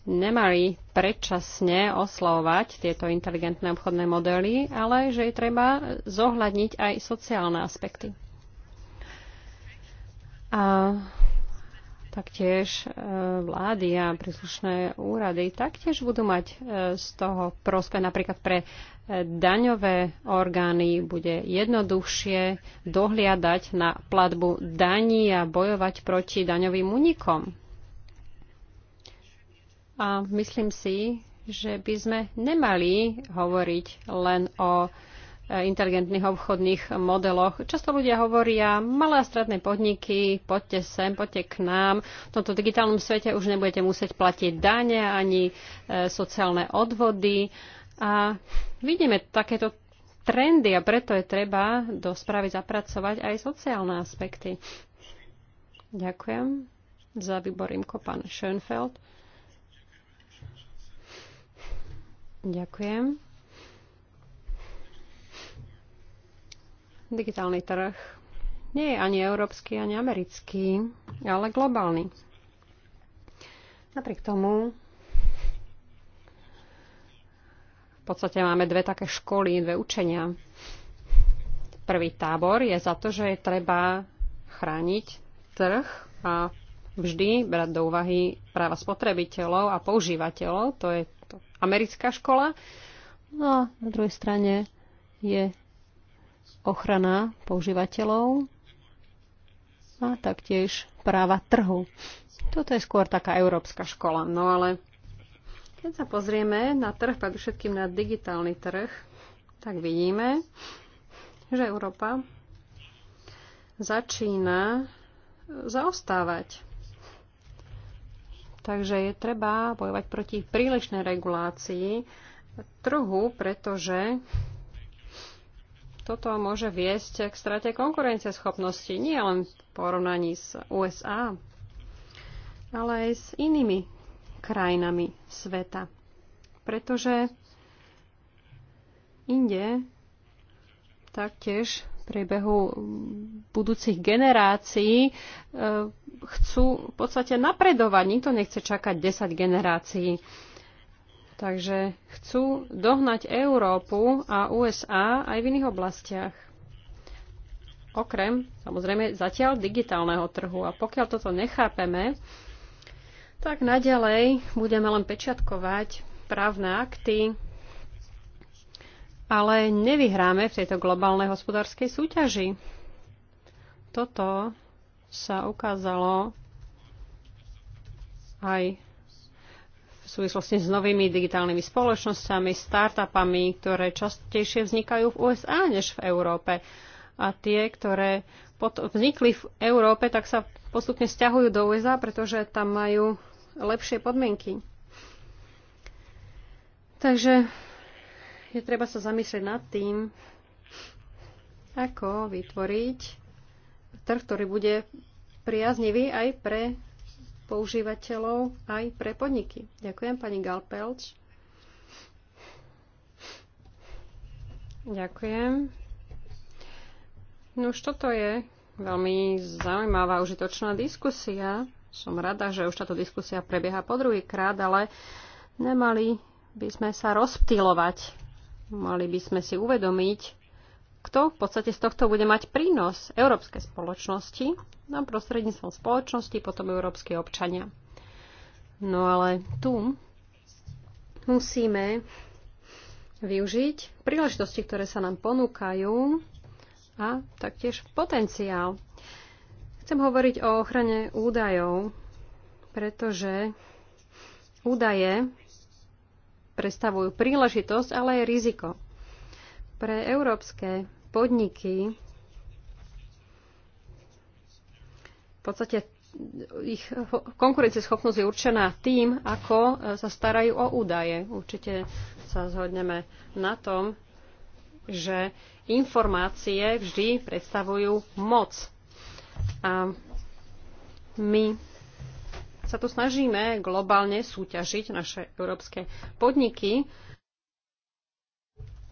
nemali predčasne oslovovať tieto inteligentné obchodné modely, ale že je treba zohľadniť aj sociálne aspekty. A taktiež e, vlády a príslušné úrady taktiež budú mať e, z toho prospech. Napríklad pre e, daňové orgány bude jednoduchšie dohliadať na platbu daní a bojovať proti daňovým únikom. A myslím si, že by sme nemali hovoriť len o inteligentných obchodných modeloch. Často ľudia hovoria, malé a stredné podniky, poďte sem, poďte k nám. V tomto digitálnom svete už nebudete musieť platiť dane ani e, sociálne odvody. A vidíme takéto trendy a preto je treba do správy zapracovať aj sociálne aspekty. Ďakujem za výbor Imko, pán Schönfeld. Ďakujem. digitálny trh nie je ani európsky, ani americký, ale globálny. Napriek tomu v podstate máme dve také školy, dve učenia. Prvý tábor je za to, že je treba chrániť trh a vždy brať do úvahy práva spotrebiteľov a používateľov. To je to americká škola. No a na druhej strane je ochrana používateľov a taktiež práva trhu. Toto je skôr taká európska škola. No ale keď sa pozrieme na trh, pak všetkým na digitálny trh, tak vidíme, že Európa začína zaostávať. Takže je treba bojovať proti prílišnej regulácii trhu, pretože toto môže viesť k strate konkurencieschopnosti nie len v porovnaní s USA, ale aj s inými krajinami sveta. Pretože inde taktiež v priebehu budúcich generácií e, chcú v podstate napredovať. Nikto nechce čakať 10 generácií Takže chcú dohnať Európu a USA aj v iných oblastiach. Okrem, samozrejme, zatiaľ digitálneho trhu. A pokiaľ toto nechápeme, tak naďalej budeme len pečiatkovať právne akty, ale nevyhráme v tejto globálnej hospodárskej súťaži. Toto sa ukázalo aj v súvislosti s novými digitálnymi spoločnosťami, startupami, ktoré častejšie vznikajú v USA než v Európe. A tie, ktoré vznikli v Európe, tak sa postupne stiahujú do USA, pretože tam majú lepšie podmienky. Takže je treba sa zamyslieť nad tým, ako vytvoriť trh, ktorý bude priaznivý aj pre používateľov aj pre podniky. Ďakujem pani Galpelč. Ďakujem. No už toto je veľmi zaujímavá, užitočná diskusia. Som rada, že už táto diskusia prebieha po druhýkrát, ale nemali by sme sa rozptýlovať. Mali by sme si uvedomiť, kto v podstate z tohto bude mať prínos európskej spoločnosti no prostredníctvom spoločnosti potom európske občania. No ale tu musíme využiť príležitosti, ktoré sa nám ponúkajú a taktiež potenciál. Chcem hovoriť o ochrane údajov, pretože údaje predstavujú príležitosť, ale aj riziko. Pre európske podniky v podstate ich konkurencieschopnosť je určená tým, ako e, sa starajú o údaje. Určite sa zhodneme na tom, že informácie vždy predstavujú moc. A my sa tu snažíme globálne súťažiť naše európske podniky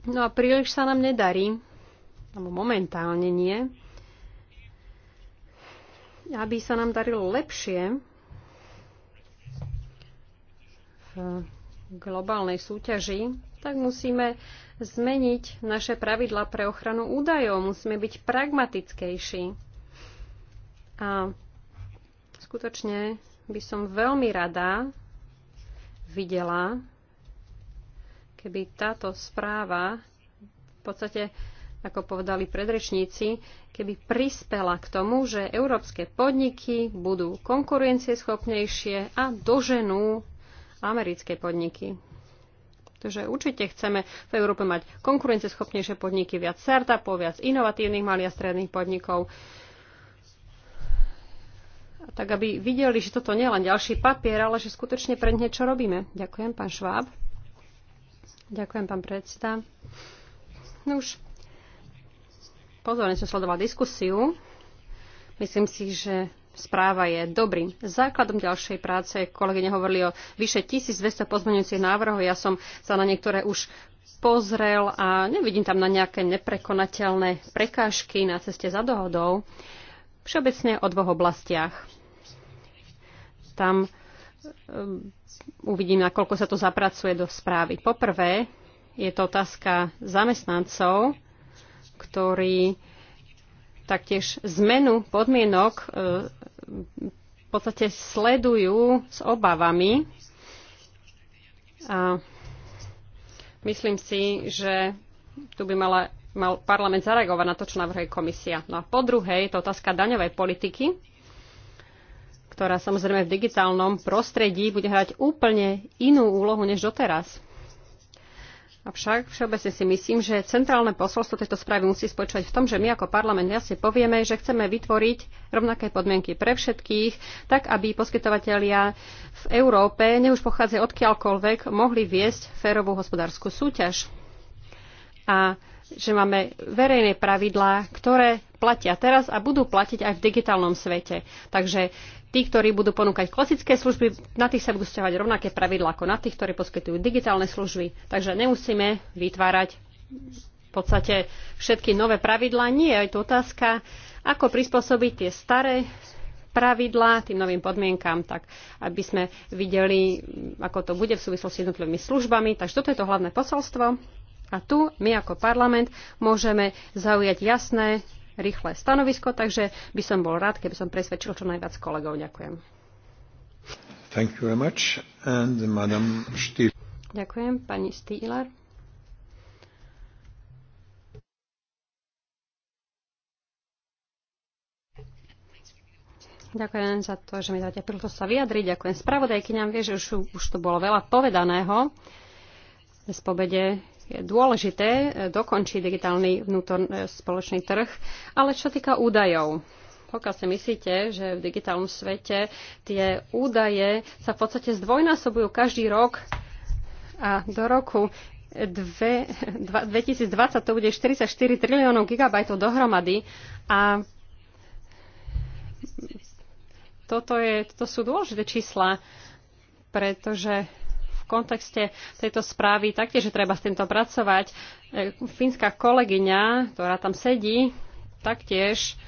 No a príliš sa nám nedarí, alebo momentálne nie, aby sa nám darilo lepšie v globálnej súťaži, tak musíme zmeniť naše pravidla pre ochranu údajov. Musíme byť pragmatickejší. A skutočne by som veľmi rada videla, Keby táto správa v podstate ako povedali predrečníci, keby prispela k tomu, že európske podniky budú konkurencieschopnejšie a doženú americké podniky. Takže určite chceme v Európe mať konkurencieschopnejšie podniky, viac startupov, viac inovatívnych malých a stredných podnikov. A tak aby videli, že toto nie je len ďalší papier, ale že skutočne pre niečo robíme. Ďakujem, pán Šváb. Ďakujem, pán predseda. No už pozorne som sledoval diskusiu. Myslím si, že správa je dobrým základom ďalšej práce. Kolegyne hovorili o vyše 1200 pozmeňujúcich návrhov. Ja som sa na niektoré už pozrel a nevidím tam na nejaké neprekonateľné prekážky na ceste za dohodou. Všeobecne o dvoch oblastiach. Tam Ehm, uvidím, nakoľko sa to zapracuje do správy. Poprvé, je to otázka zamestnancov, ktorí taktiež zmenu podmienok ehm, v podstate sledujú s obavami. A myslím si, že tu by mala, mal parlament zareagovať na to, čo navrhuje komisia. No a po druhé je to otázka daňovej politiky ktorá samozrejme v digitálnom prostredí bude hrať úplne inú úlohu než doteraz. Avšak všeobecne si myslím, že centrálne posolstvo tejto správy musí spočívať v tom, že my ako parlament jasne povieme, že chceme vytvoriť rovnaké podmienky pre všetkých, tak aby poskytovatelia v Európe, neuž pochádzajú odkiaľkoľvek, mohli viesť férovú hospodárskú súťaž. A že máme verejné pravidlá, ktoré platia teraz a budú platiť aj v digitálnom svete. Takže tí, ktorí budú ponúkať klasické služby, na tých sa budú stiahovať rovnaké pravidlá ako na tých, ktorí poskytujú digitálne služby. Takže nemusíme vytvárať v podstate všetky nové pravidlá. Nie je aj tu otázka, ako prispôsobiť tie staré pravidlá tým novým podmienkam, tak aby sme videli, ako to bude v súvislosti s jednotlivými službami. Takže toto je to hlavné posolstvo. A tu my ako parlament môžeme zaujať jasné rýchle stanovisko, takže by som bol rád, keby som presvedčil čo najviac kolegov. Ďakujem. Thank you very much. And Madam Stiel. Ďakujem, pani Stieler. Ďakujem za to, že mi dáte príležitosť sa vyjadriť. Ďakujem spravodajkyňam. Vieš, že už, už to bolo veľa povedaného z pobede je dôležité e, dokončiť digitálny vnútorný e, spoločný trh, ale čo týka údajov, pokiaľ si myslíte, že v digitálnom svete tie údaje sa v podstate zdvojnásobujú každý rok a do roku 2020 to bude 44 triliónov gigabajtov dohromady a toto, je, toto sú dôležité čísla, pretože kontexte tejto správy taktiež treba s týmto pracovať. E, fínska kolegyňa, ktorá tam sedí, taktiež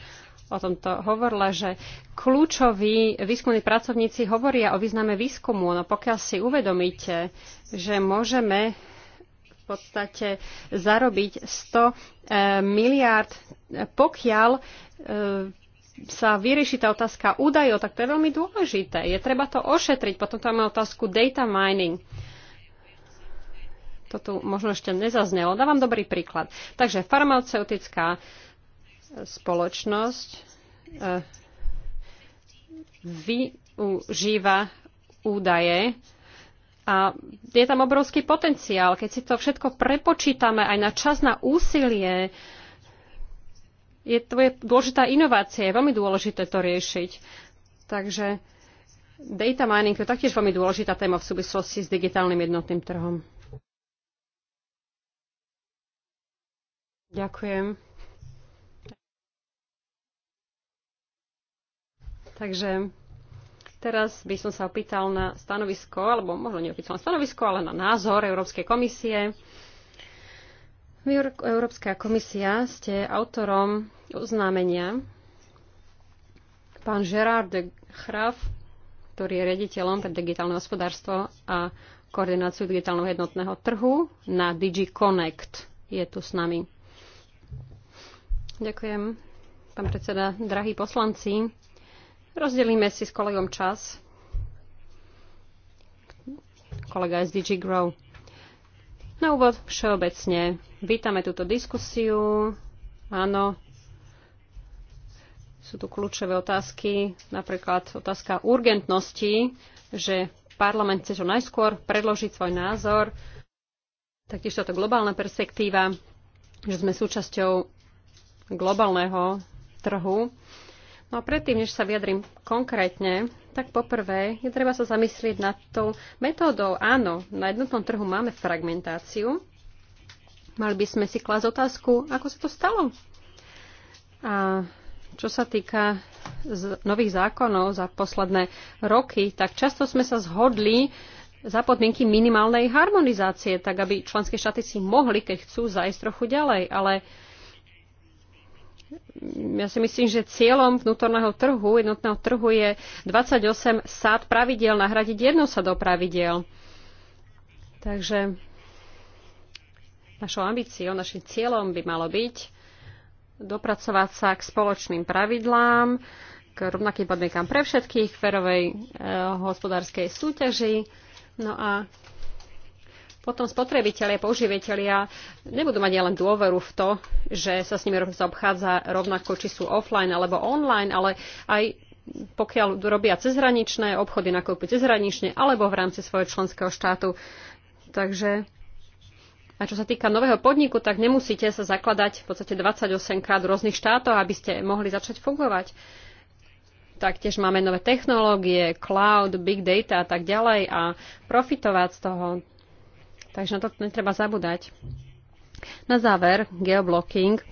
o tomto hovorila, že kľúčoví výskumní pracovníci hovoria o význame výskumu. No pokiaľ si uvedomíte, že môžeme v podstate zarobiť 100 e, miliárd, pokiaľ e, sa vyrieši tá otázka údajov, tak to je veľmi dôležité. Je treba to ošetriť. Potom tam máme otázku data mining. To tu možno ešte nezaznelo. Dávam dobrý príklad. Takže farmaceutická spoločnosť eh, využíva údaje a je tam obrovský potenciál. Keď si to všetko prepočítame aj na čas, na úsilie, je, to je dôležitá inovácia, je veľmi dôležité to riešiť. Takže data mining je taktiež veľmi dôležitá téma v súvislosti s digitálnym jednotným trhom. Ďakujem. Takže teraz by som sa opýtal na stanovisko, alebo možno neopýtal na stanovisko, ale na názor Európskej komisie. Vy, Európska komisia, ste autorom oznámenia. Pán Gerard de Graaf, ktorý je rediteľom pre digitálne hospodárstvo a koordináciu digitálneho jednotného trhu na DigiConnect. Je tu s nami. Ďakujem, pán predseda. Drahí poslanci, rozdelíme si s kolegom čas. Kolega SDG Grow. Na úvod všeobecne. Vítame túto diskusiu. Áno, sú tu kľúčové otázky, napríklad otázka urgentnosti, že parlament chce čo najskôr predložiť svoj názor, taktiež táto globálna perspektíva, že sme súčasťou globálneho trhu. No a predtým, než sa vyjadrím konkrétne tak poprvé, je treba sa zamyslieť nad tou metódou. Áno, na jednotnom trhu máme fragmentáciu. Mali by sme si klásť otázku, ako sa to stalo. A čo sa týka nových zákonov za posledné roky, tak často sme sa zhodli za podmienky minimálnej harmonizácie, tak aby členské štáty si mohli, keď chcú, zajsť trochu ďalej. Ale ja si myslím, že cieľom vnútorného trhu, jednotného trhu je 28 sád pravidiel nahradiť jednou sadou pravidiel. Takže našou ambíciou, našim cieľom by malo byť dopracovať sa k spoločným pravidlám, k rovnakým podmienkám pre všetkých, ferovej e, eh, hospodárskej súťaži. No a potom spotrebitelia, používateľia nebudú mať nielen dôveru v to, že sa s nimi obchádza rovnako, či sú offline alebo online, ale aj pokiaľ robia cezhraničné obchody, nakúpiť cezhranične alebo v rámci svojho členského štátu. Takže a čo sa týka nového podniku, tak nemusíte sa zakladať v podstate 28 krát v rôznych štátoch, aby ste mohli začať fungovať. Taktiež máme nové technológie, cloud, big data a tak ďalej a profitovať z toho. Takže na to netreba zabúdať. Na záver, geoblocking.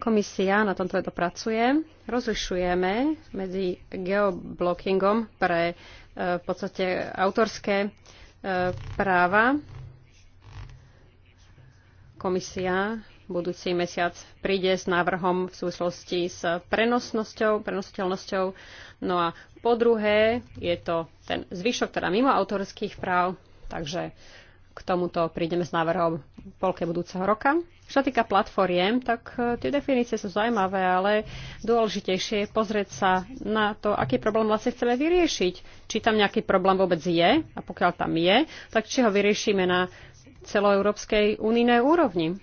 Komisia na tomto to pracuje. Rozlišujeme medzi geoblockingom pre e, v podstate autorské e, práva. Komisia budúci mesiac príde s návrhom v súvislosti s prenosnosťou, prenositeľnosťou. No a po druhé je to ten zvyšok teda mimo autorských práv, takže k tomuto prídeme s návrhom polke budúceho roka. Čo týka platformiem, tak e, tie definície sú zaujímavé, ale dôležitejšie je pozrieť sa na to, aký problém vlastne chceme vyriešiť. Či tam nejaký problém vôbec je, a pokiaľ tam je, tak či ho vyriešime na celoeurópskej unijnej úrovni.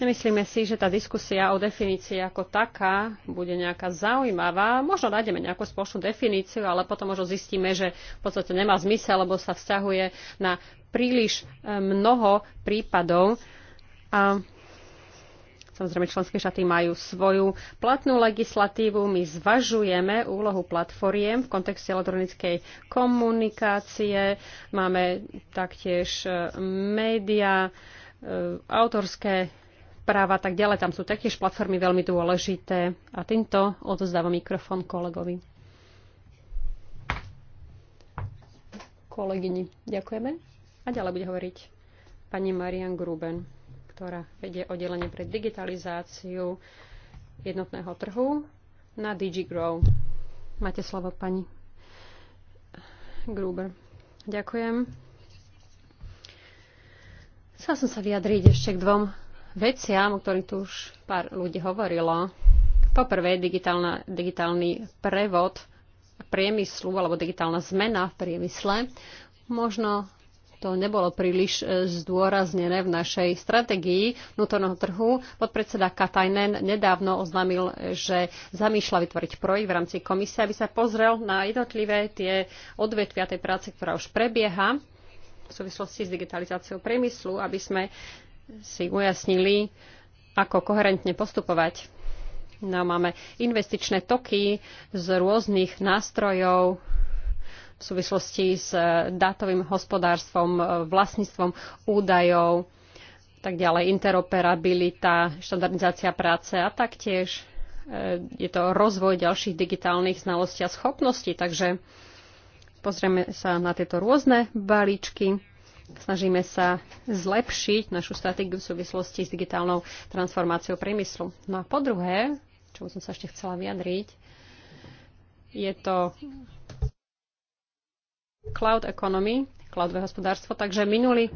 Nemyslíme si, že tá diskusia o definícii ako taká bude nejaká zaujímavá. Možno nájdeme nejakú spoločnú definíciu, ale potom možno zistíme, že v podstate nemá zmysel, lebo sa vzťahuje na príliš e, mnoho prípadov a Samozrejme, členské štáty majú svoju platnú legislatívu. My zvažujeme úlohu platformiem v kontexte elektronickej komunikácie. Máme taktiež e, média, e, autorské práva a tak ďalej. Tam sú taktiež platformy veľmi dôležité. A týmto odozdávam mikrofón kolegovi. Kolegyni, ďakujeme. A ďalej bude hovoriť pani Marian Gruben, ktorá vedie oddelenie pre digitalizáciu jednotného trhu na DigiGrow. Máte slovo, pani Gruber. Ďakujem. Chcela som sa vyjadriť ešte k dvom veciam, o ktorých tu už pár ľudí hovorilo. Poprvé, digitálny prevod priemyslu alebo digitálna zmena v priemysle. Možno to nebolo príliš e, zdôraznené v našej stratégii vnútorného trhu. Podpredseda Katajnen nedávno oznámil, že zamýšľa vytvoriť projekt v rámci komisie, aby sa pozrel na jednotlivé tie odvetvia tej práce, ktorá už prebieha v súvislosti s digitalizáciou priemyslu, aby sme si ujasnili, ako koherentne postupovať. No, máme investičné toky z rôznych nástrojov, v súvislosti s e, dátovým hospodárstvom, e, vlastníctvom údajov, tak ďalej interoperabilita, štandardizácia práce a taktiež e, je to rozvoj ďalších digitálnych znalostí a schopností. Takže pozrieme sa na tieto rôzne balíčky. Snažíme sa zlepšiť našu stratégiu v súvislosti s digitálnou transformáciou priemyslu. No a po druhé, čo som sa ešte chcela vyjadriť, je to cloud economy, cloudové hospodárstvo. Takže minulý,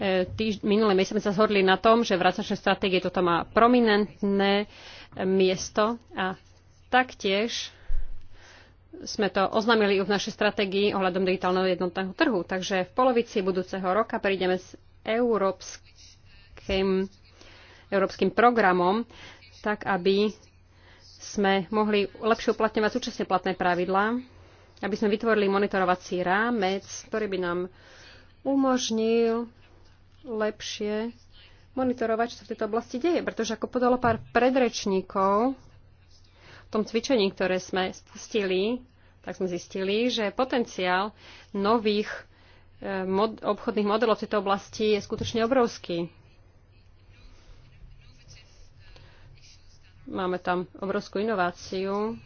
e, týž, minulý sme sa zhodli na tom, že v racačnej stratégie toto má prominentné e, miesto a taktiež sme to oznámili v našej stratégii ohľadom digitálneho jednotného trhu. Takže v polovici budúceho roka prídeme s európskym, európskym programom, tak aby sme mohli lepšie uplatňovať súčasne platné pravidlá aby sme vytvorili monitorovací rámec, ktorý by nám umožnil lepšie monitorovať, čo sa v tejto oblasti deje. Pretože ako podalo pár predrečníkov v tom cvičení, ktoré sme spustili, tak sme zistili, že potenciál nových e, mod- obchodných modelov v tejto oblasti je skutočne obrovský. Máme tam obrovskú inováciu,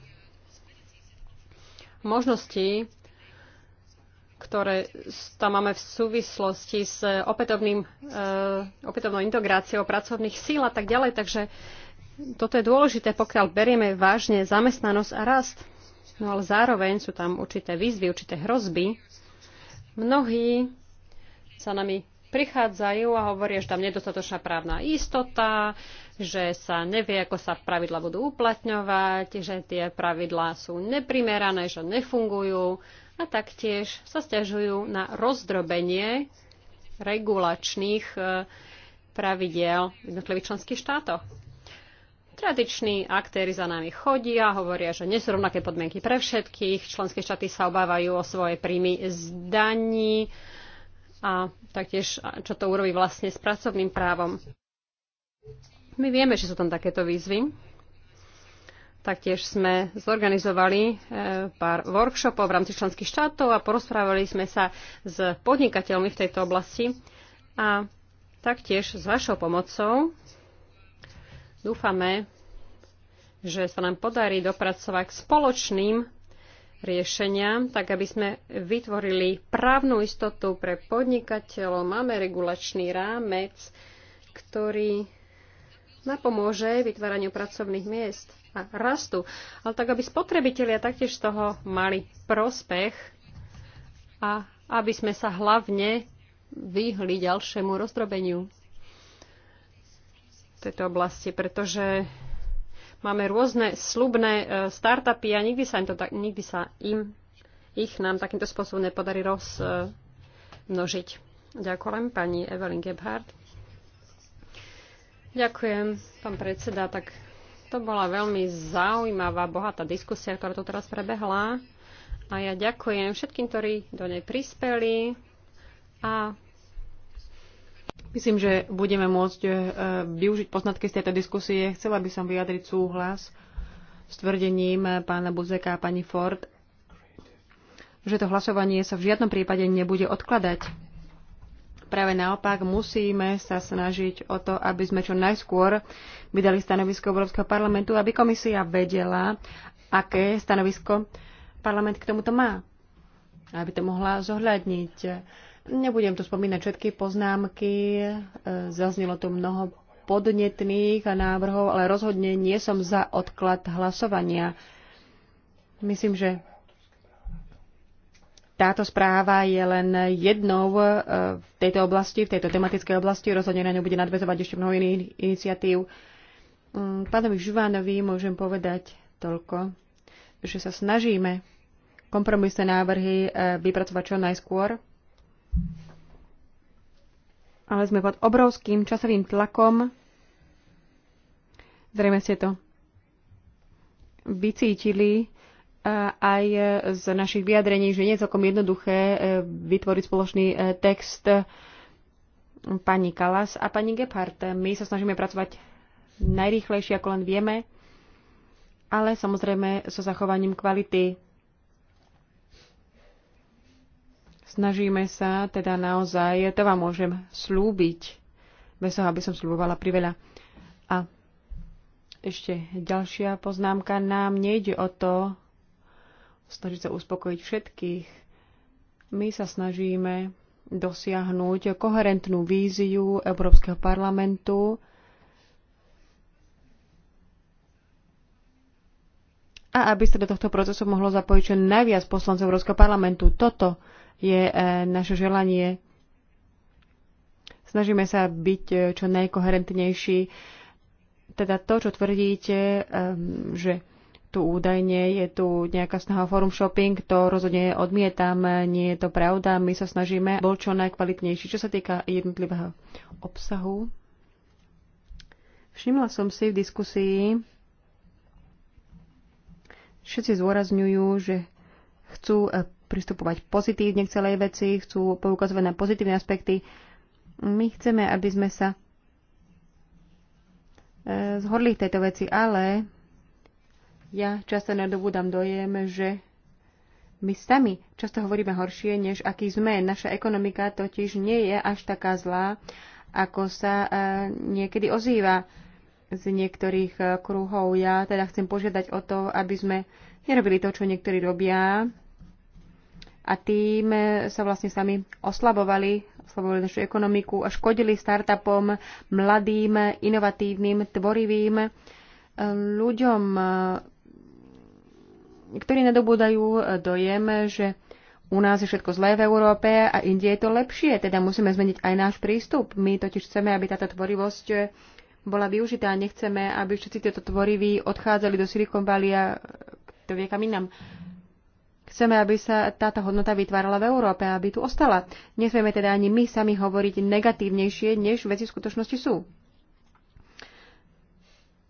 možností, ktoré tam máme v súvislosti s eh, opätovným, eh, opätovnou integráciou pracovných síl a tak ďalej. Takže toto je dôležité, pokiaľ berieme vážne zamestnanosť a rast. No ale zároveň sú tam určité výzvy, určité hrozby. Mnohí sa nami prichádzajú a hovoria, že tam nedostatočná právna istota, že sa nevie, ako sa pravidla budú uplatňovať, že tie pravidlá sú neprimerané, že nefungujú a taktiež sa stiažujú na rozdrobenie regulačných e, pravidel v jednotlivých členských štátoch. Tradiční aktéry za nami chodia, hovoria, že nie sú rovnaké podmienky pre všetkých, členské štáty sa obávajú o svoje príjmy z daní a taktiež, čo to urobí vlastne s pracovným právom. My vieme, že sú tam takéto výzvy. Taktiež sme zorganizovali e, pár workshopov v rámci členských štátov a porozprávali sme sa s podnikateľmi v tejto oblasti. A taktiež s vašou pomocou dúfame, že sa nám podarí dopracovať k spoločným riešeniam, tak aby sme vytvorili právnu istotu pre podnikateľov. Máme regulačný rámec, ktorý napomôže vytváraniu pracovných miest a rastu, ale tak, aby spotrebitelia taktiež z toho mali prospech a aby sme sa hlavne vyhli ďalšiemu rozdrobeniu tejto oblasti, pretože máme rôzne slubné e, startupy a nikdy sa im, to tak, nikdy sa im ich nám takýmto spôsobom nepodarí rozmnožiť. Ďakujem pani Evelyn Gebhardt. Ďakujem, pán predseda. Tak to bola veľmi zaujímavá, bohatá diskusia, ktorá tu teraz prebehla. A ja ďakujem všetkým, ktorí do nej prispeli. A Myslím, že budeme môcť e, využiť poznatky z tejto diskusie. Chcela by som vyjadriť súhlas s tvrdením pána Buzeka a pani Ford, že to hlasovanie sa v žiadnom prípade nebude odkladať. Práve naopak musíme sa snažiť o to, aby sme čo najskôr vydali stanovisko Európskeho parlamentu, aby komisia vedela, aké stanovisko parlament k tomuto má, aby to mohla zohľadniť. Nebudem tu spomínať všetky poznámky, zaznelo tu mnoho podnetných návrhov, ale rozhodne nie som za odklad hlasovania. Myslím, že táto správa je len jednou e, v tejto oblasti, v tejto tematickej oblasti. Rozhodne na ňu bude nadvezovať ešte mnoho iných iniciatív. Mm, pánovi Žuvánovi môžem povedať toľko, že sa snažíme kompromisné návrhy e, vypracovať čo najskôr, ale sme pod obrovským časovým tlakom. Zrejme ste to vycítili aj z našich vyjadrení, že nie je celkom jednoduché e, vytvoriť spoločný e, text e, pani Kalas a pani Gephardt. My sa snažíme pracovať najrýchlejšie, ako len vieme, ale samozrejme so zachovaním kvality. Snažíme sa teda naozaj, to vám môžem slúbiť, bez toho, aby som slúbovala priveľa. A ešte ďalšia poznámka. Nám nejde o to, snažiť sa uspokojiť všetkých. My sa snažíme dosiahnuť koherentnú víziu Európskeho parlamentu a aby sa do tohto procesu mohlo zapojiť čo najviac poslancov Európskeho parlamentu. Toto je eh, naše želanie. Snažíme sa byť eh, čo najkoherentnejší. Teda to, čo tvrdíte, eh, že tu údajne je tu nejaká snaha forum shopping, to rozhodne odmietam, nie je to pravda, my sa snažíme, bol čo najkvalitnejší, čo sa týka jednotlivého obsahu. Všimla som si v diskusii, všetci zdôrazňujú, že chcú eh, pristupovať pozitívne k celej veci, chcú poukazovať na pozitívne aspekty. My chceme, aby sme sa eh, zhodli v tejto veci, ale ja často nadobúdam dojem, že my sami často hovoríme horšie, než aký sme. Naša ekonomika totiž nie je až taká zlá, ako sa e, niekedy ozýva z niektorých e, kruhov. Ja teda chcem požiadať o to, aby sme nerobili to, čo niektorí robia a tým e, sa vlastne sami oslabovali, oslabovali našu ekonomiku a škodili startupom, mladým, inovatívnym, tvorivým ľuďom ktorí nadobúdajú e, dojem, že u nás je všetko zlé v Európe a inde je to lepšie, teda musíme zmeniť aj náš prístup. My totiž chceme, aby táto tvorivosť e, bola využitá. Nechceme, aby všetci tieto tvoriví odchádzali do Silicon Valley a to vie kam inám. Chceme, aby sa táto hodnota vytvárala v Európe, aby tu ostala. Nesmieme teda ani my sami hovoriť negatívnejšie, než veci v skutočnosti sú.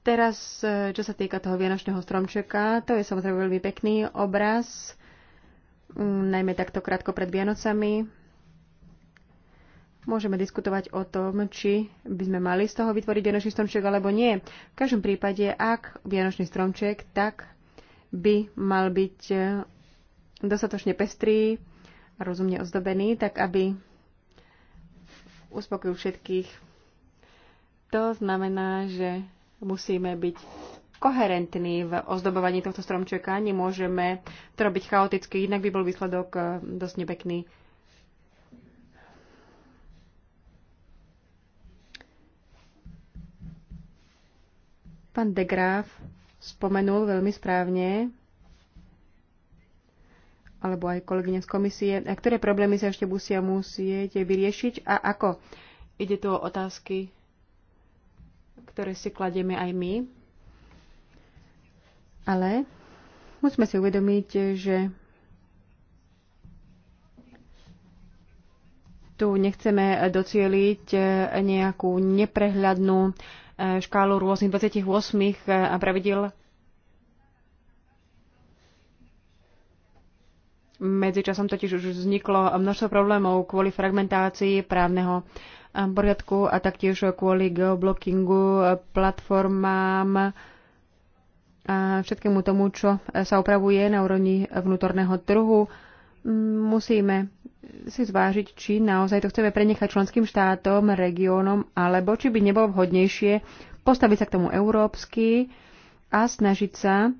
Teraz, e, čo sa týka toho vianočného stromčeka, to je samozrejme veľmi pekný obraz, mm, najmä takto krátko pred Vianocami. Môžeme diskutovať o tom, či by sme mali z toho vytvoriť vianočný stromček alebo nie. V každom prípade, ak vianočný stromček, tak by mal byť e, dostatočne pestrý a rozumne ozdobený, tak aby uspokojil všetkých. To znamená, že Musíme byť koherentní v ozdobovaní tohto stromčeka. Nemôžeme to robiť chaoticky, inak by bol výsledok eh, dosť nepekný. Pán de Graaf spomenul veľmi správne, alebo aj kolegyňa z komisie, ktoré problémy sa ešte musia musieť vyriešiť a ako. Ide tu o otázky ktoré si kladieme aj my. Ale musíme si uvedomiť, že tu nechceme docieliť nejakú neprehľadnú e, škálu rôznych 28 e, pravidel. Medzičasom totiž už vzniklo množstvo problémov kvôli fragmentácii právneho poriadku a taktiež kvôli geoblockingu platformám a všetkému tomu, čo sa opravuje na úrovni vnútorného trhu, musíme si zvážiť, či naozaj to chceme prenechať členským štátom, regiónom, alebo či by nebolo vhodnejšie postaviť sa k tomu európsky a snažiť sa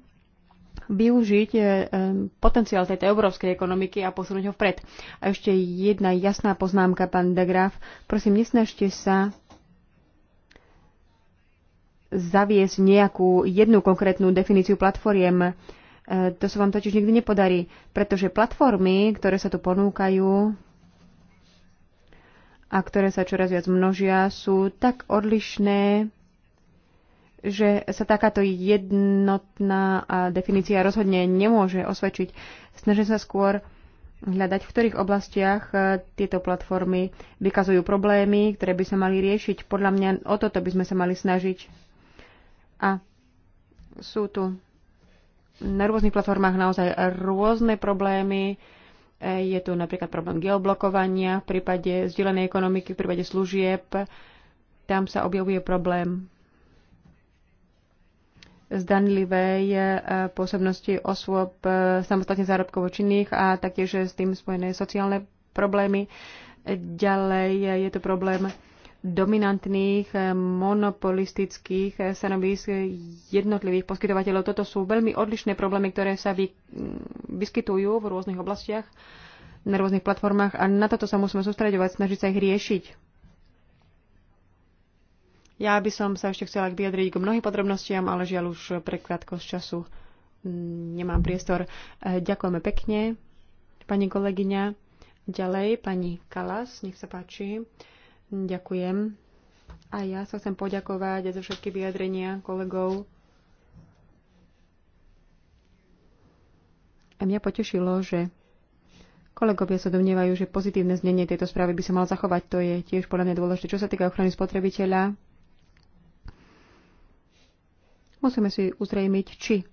využiť e, e, potenciál tejto európskej ekonomiky a posunúť ho vpred. A ešte jedna jasná poznámka, pán de Graaf. Prosím, nesnažte sa zaviesť nejakú jednu konkrétnu definíciu platformiem. E, to sa vám totiž nikdy nepodarí, pretože platformy, ktoré sa tu ponúkajú a ktoré sa čoraz viac množia, sú tak odlišné že sa takáto jednotná definícia rozhodne nemôže osvedčiť. Snažím sa skôr hľadať, v ktorých oblastiach e, tieto platformy vykazujú problémy, ktoré by sa mali riešiť. Podľa mňa o toto by sme sa mali snažiť. A sú tu na rôznych platformách naozaj rôzne problémy. E, je tu napríklad problém geoblokovania v prípade zdieľanej ekonomiky, v prípade služieb. Tam sa objavuje problém zdanlivej eh, pôsobnosti osôb eh, samostatne zárobkovo činných a taktiež s tým spojené sociálne problémy. Ďalej je to problém dominantných eh, monopolistických stanovisk jednotlivých poskytovateľov. Toto sú veľmi odlišné problémy, ktoré sa vy, mm, vyskytujú v rôznych oblastiach, na rôznych platformách a na toto sa musíme sústredovať, snažiť sa ich riešiť. Ja by som sa ešte chcela vyjadriť k mnohým podrobnostiam, ale žiaľ už pre krátkosť času nemám priestor. Eh, ďakujeme pekne, pani kolegyňa. Ďalej, pani Kalas, nech sa páči. Ďakujem. A ja sa chcem poďakovať za všetky vyjadrenia kolegov. A mňa potešilo, že kolegovia sa domnievajú, že pozitívne znenie tejto správy by sa mal zachovať. To je tiež podľa mňa dôležité. Čo sa týka ochrany spotrebiteľa, Musíme si uzrejmiť, či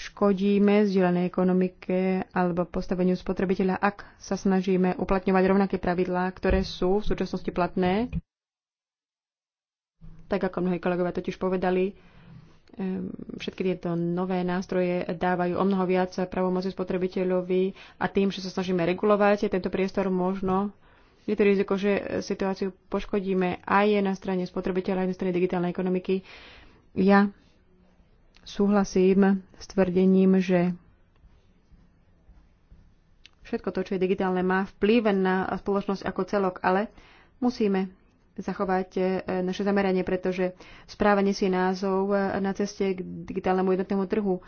škodíme zdieľanej ekonomike alebo postaveniu spotrebiteľa, ak sa snažíme uplatňovať rovnaké pravidlá, ktoré sú v súčasnosti platné. Tak ako mnohí kolegovia totiž povedali, ehm, všetky tieto nové nástroje dávajú o mnoho viac pravomoci spotrebiteľovi a tým, že sa snažíme regulovať tento priestor, možno je to riziko, že situáciu poškodíme aj na strane spotrebiteľa, aj na strane digitálnej ekonomiky. Ja súhlasím s tvrdením, že všetko to, čo je digitálne, má vplyv na spoločnosť ako celok, ale musíme zachovať e, naše zameranie, pretože správa nesie názov e, na ceste k digitálnemu jednotnému trhu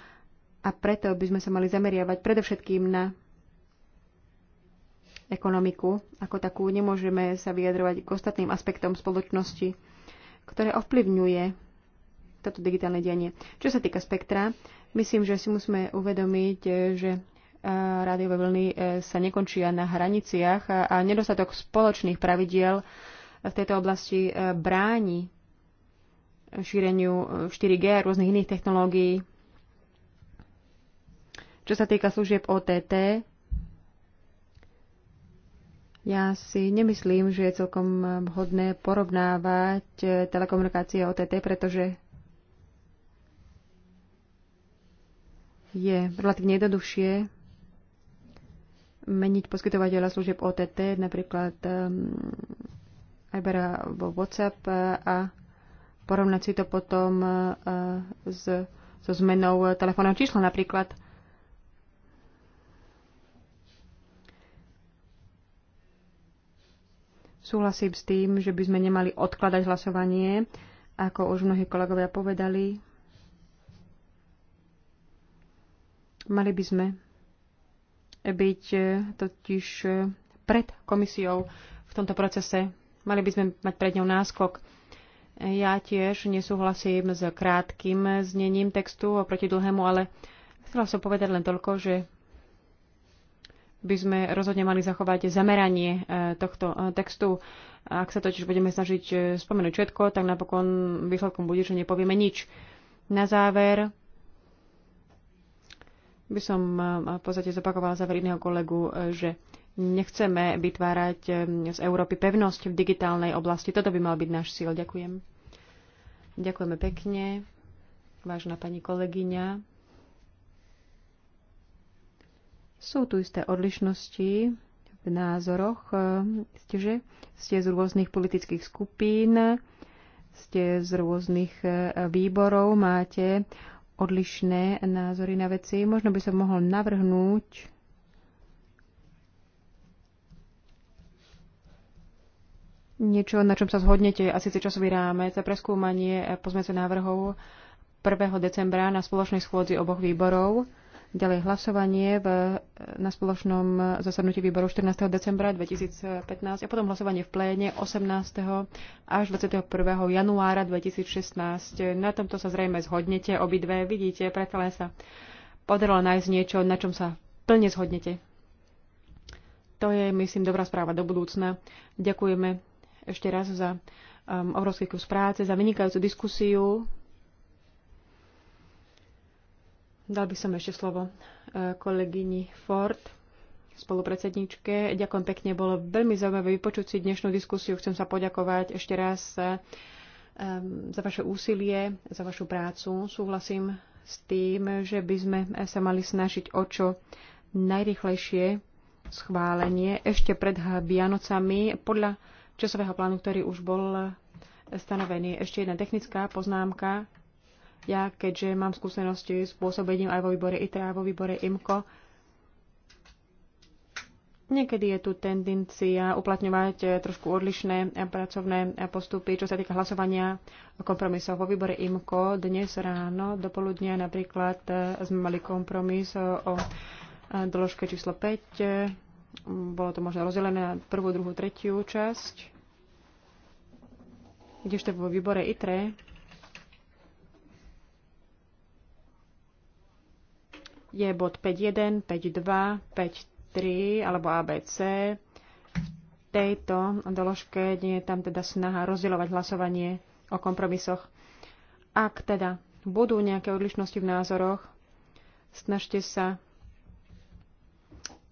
a preto by sme sa mali zameriavať predovšetkým na ekonomiku ako takú. Nemôžeme sa vyjadrovať k ostatným aspektom spoločnosti, ktoré ovplyvňuje toto digitálne dianie. Čo sa týka spektra, myslím, že si musíme uvedomiť, že eh, rádiové vlny eh, sa nekončia na hraniciach a nedostatok spoločných pravidiel v tejto oblasti eh, bráni šíreniu 4G a rôznych iných technológií. Čo sa týka služieb OTT, ja si nemyslím, že je celkom vhodné porovnávať telekomunikácie OTT, pretože je relatívne jednoduchšie meniť poskytovateľa služieb OTT, napríklad um, ehm, Iber alebo WhatsApp e, a porovnať si to potom uh, s, so zmenou telefónneho čísla napríklad. Súhlasím s tým, že by sme nemali odkladať hlasovanie, ako už mnohí kolegovia povedali. Mali by sme byť e, totiž e, pred komisiou v tomto procese. Mali by sme mať pred ňou náskok. Ja tiež nesúhlasím s krátkým znením textu oproti dlhému, ale chcela som povedať len toľko, že by sme rozhodne mali zachovať zameranie e, tohto textu. Ak sa totiž budeme snažiť spomenúť všetko, tak napokon výsledkom bude, že nepovieme nič. Na záver by som e, v podstate zopakovala za iného kolegu, e, že nechceme vytvárať e, z Európy pevnosť v digitálnej oblasti. Toto by mal byť náš síl. Ďakujem. Ďakujeme pekne, vážna pani kolegyňa. Sú tu isté odlišnosti v názoroch. Ste, že? Ste z rôznych politických skupín, ste z rôznych výborov, máte odlišné názory na veci. Možno by som mohol navrhnúť niečo, na čom sa zhodnete, asi si časový rámec a preskúmanie pozmeňujúcich návrhov 1. decembra na spoločnej schôdzi oboch výborov. Ďalej hlasovanie v, na spoločnom zasadnutí výboru 14. decembra 2015 a potom hlasovanie v pléne 18. až 21. januára 2016. Na tomto sa zrejme zhodnete obidve. Vidíte, predsa len sa podarilo nájsť niečo, na čom sa plne zhodnete. To je, myslím, dobrá správa do budúcna. Ďakujeme ešte raz za um, obrovský kus práce, za vynikajúcu diskusiu. Dal by som ešte slovo eh, kolegyni Ford, spolupredsedničke. Ďakujem pekne, bolo veľmi zaujímavé vypočuť si dnešnú diskusiu. Chcem sa poďakovať ešte raz eh, za vaše úsilie, za vašu prácu. Súhlasím s tým, že by sme eh, sa mali snažiť o čo najrychlejšie schválenie ešte pred Vianocami podľa časového plánu, ktorý už bol stanovený. Ešte jedna technická poznámka ja, keďže mám skúsenosti s pôsobením aj vo výbore ITRA a vo výbore IMCO, Niekedy je tu tendencia uplatňovať eh, trošku odlišné eh, pracovné eh, postupy, čo sa týka hlasovania kompromisov. Vo výbore IMCO. dnes ráno do poludnia napríklad sme mali kompromis o doložke číslo 5. Bolo to možno rozdelené na prvú, druhú, tretiu časť. Kdežto vo výbore ITRE je bod 5.1, 5.2, 5.3 alebo ABC. V tejto doložke nie je tam teda snaha rozdielovať hlasovanie o kompromisoch. Ak teda budú nejaké odlišnosti v názoroch, snažte sa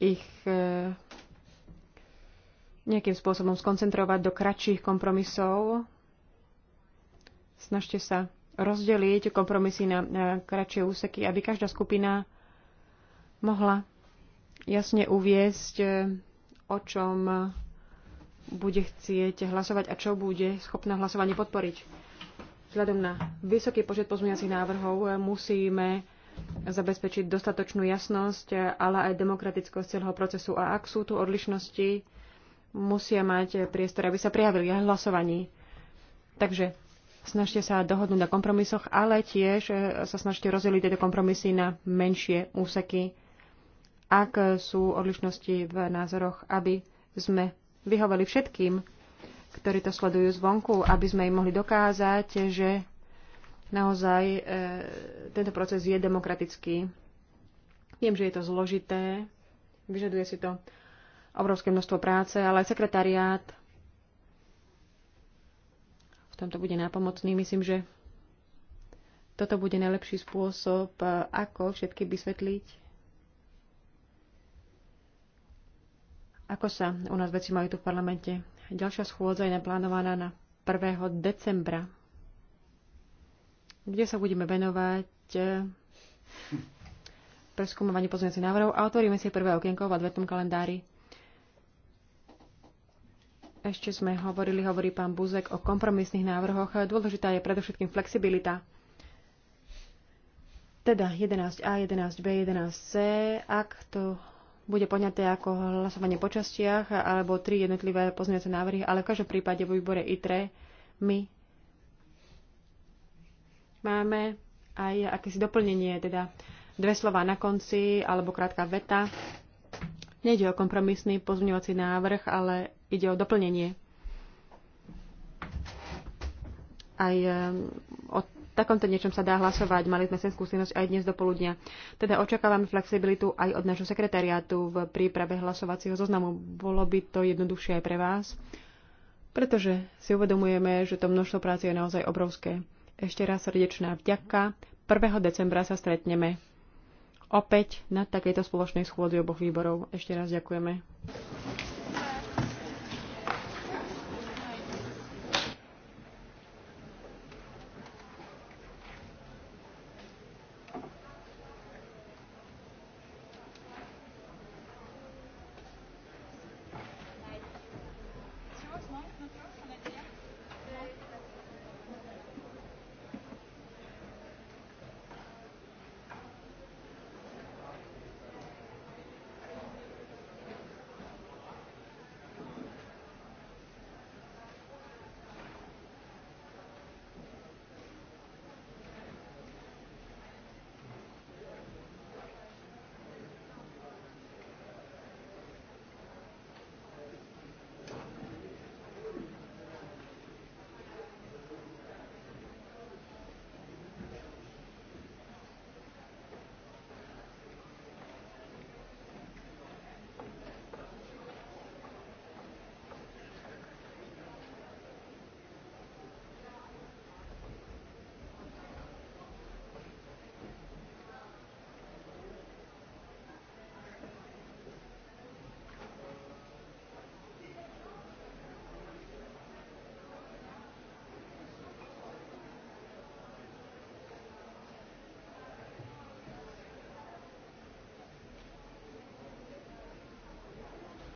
ich e, nejakým spôsobom skoncentrovať do kratších kompromisov. Snažte sa rozdeliť kompromisy na, na kratšie úseky, aby každá skupina mohla jasne uviesť, e, o čom bude chcieť hlasovať a čo bude schopná hlasovanie podporiť. Vzhľadom na vysoký počet pozmeňacích návrhov e, musíme zabezpečiť dostatočnú jasnosť, e, ale aj demokratickosť celého procesu. A ak sú tu odlišnosti, musia mať priestor, aby sa prijavili aj hlasovaní. Takže snažte sa dohodnúť na kompromisoch, ale tiež sa snažte rozdeliť tieto kompromisy na menšie úseky ak sú odlišnosti v názoroch, aby sme vyhovali všetkým, ktorí to sledujú zvonku, aby sme im mohli dokázať, že naozaj e, tento proces je demokratický. Viem, že je to zložité, vyžaduje si to obrovské množstvo práce, ale aj sekretariát v tomto bude nápomocný. Myslím, že toto bude najlepší spôsob, ako všetky vysvetliť Ako sa u nás veci majú tu v parlamente? Ďalšia schôdza je naplánovaná na 1. decembra, kde sa budeme venovať eh, preskúmovaní pozmeňujúcich návrhov a otvoríme si prvé okienko v advetnom kalendári. Ešte sme hovorili, hovorí pán Buzek, o kompromisných návrhoch. Dôležitá je predovšetkým flexibilita. Teda 11a, 11b, 11c, ak to bude poňaté ako hlasovanie po častiach alebo tri jednotlivé pozmeňujúce návrhy, ale v každom prípade vo výbore ITRE my máme aj akési doplnenie, teda dve slova na konci alebo krátka veta. Nejde o kompromisný pozmeňovací návrh, ale ide o doplnenie. Aj takomto niečom sa dá hlasovať. Mali sme sem skúsenosť aj dnes do poludnia. Teda očakávame flexibilitu aj od nášho sekretariátu v príprave hlasovacieho zoznamu. Bolo by to jednoduchšie aj pre vás, pretože si uvedomujeme, že to množstvo práce je naozaj obrovské. Ešte raz srdečná vďaka. 1. decembra sa stretneme opäť na takejto spoločnej schôdzi oboch výborov. Ešte raz ďakujeme.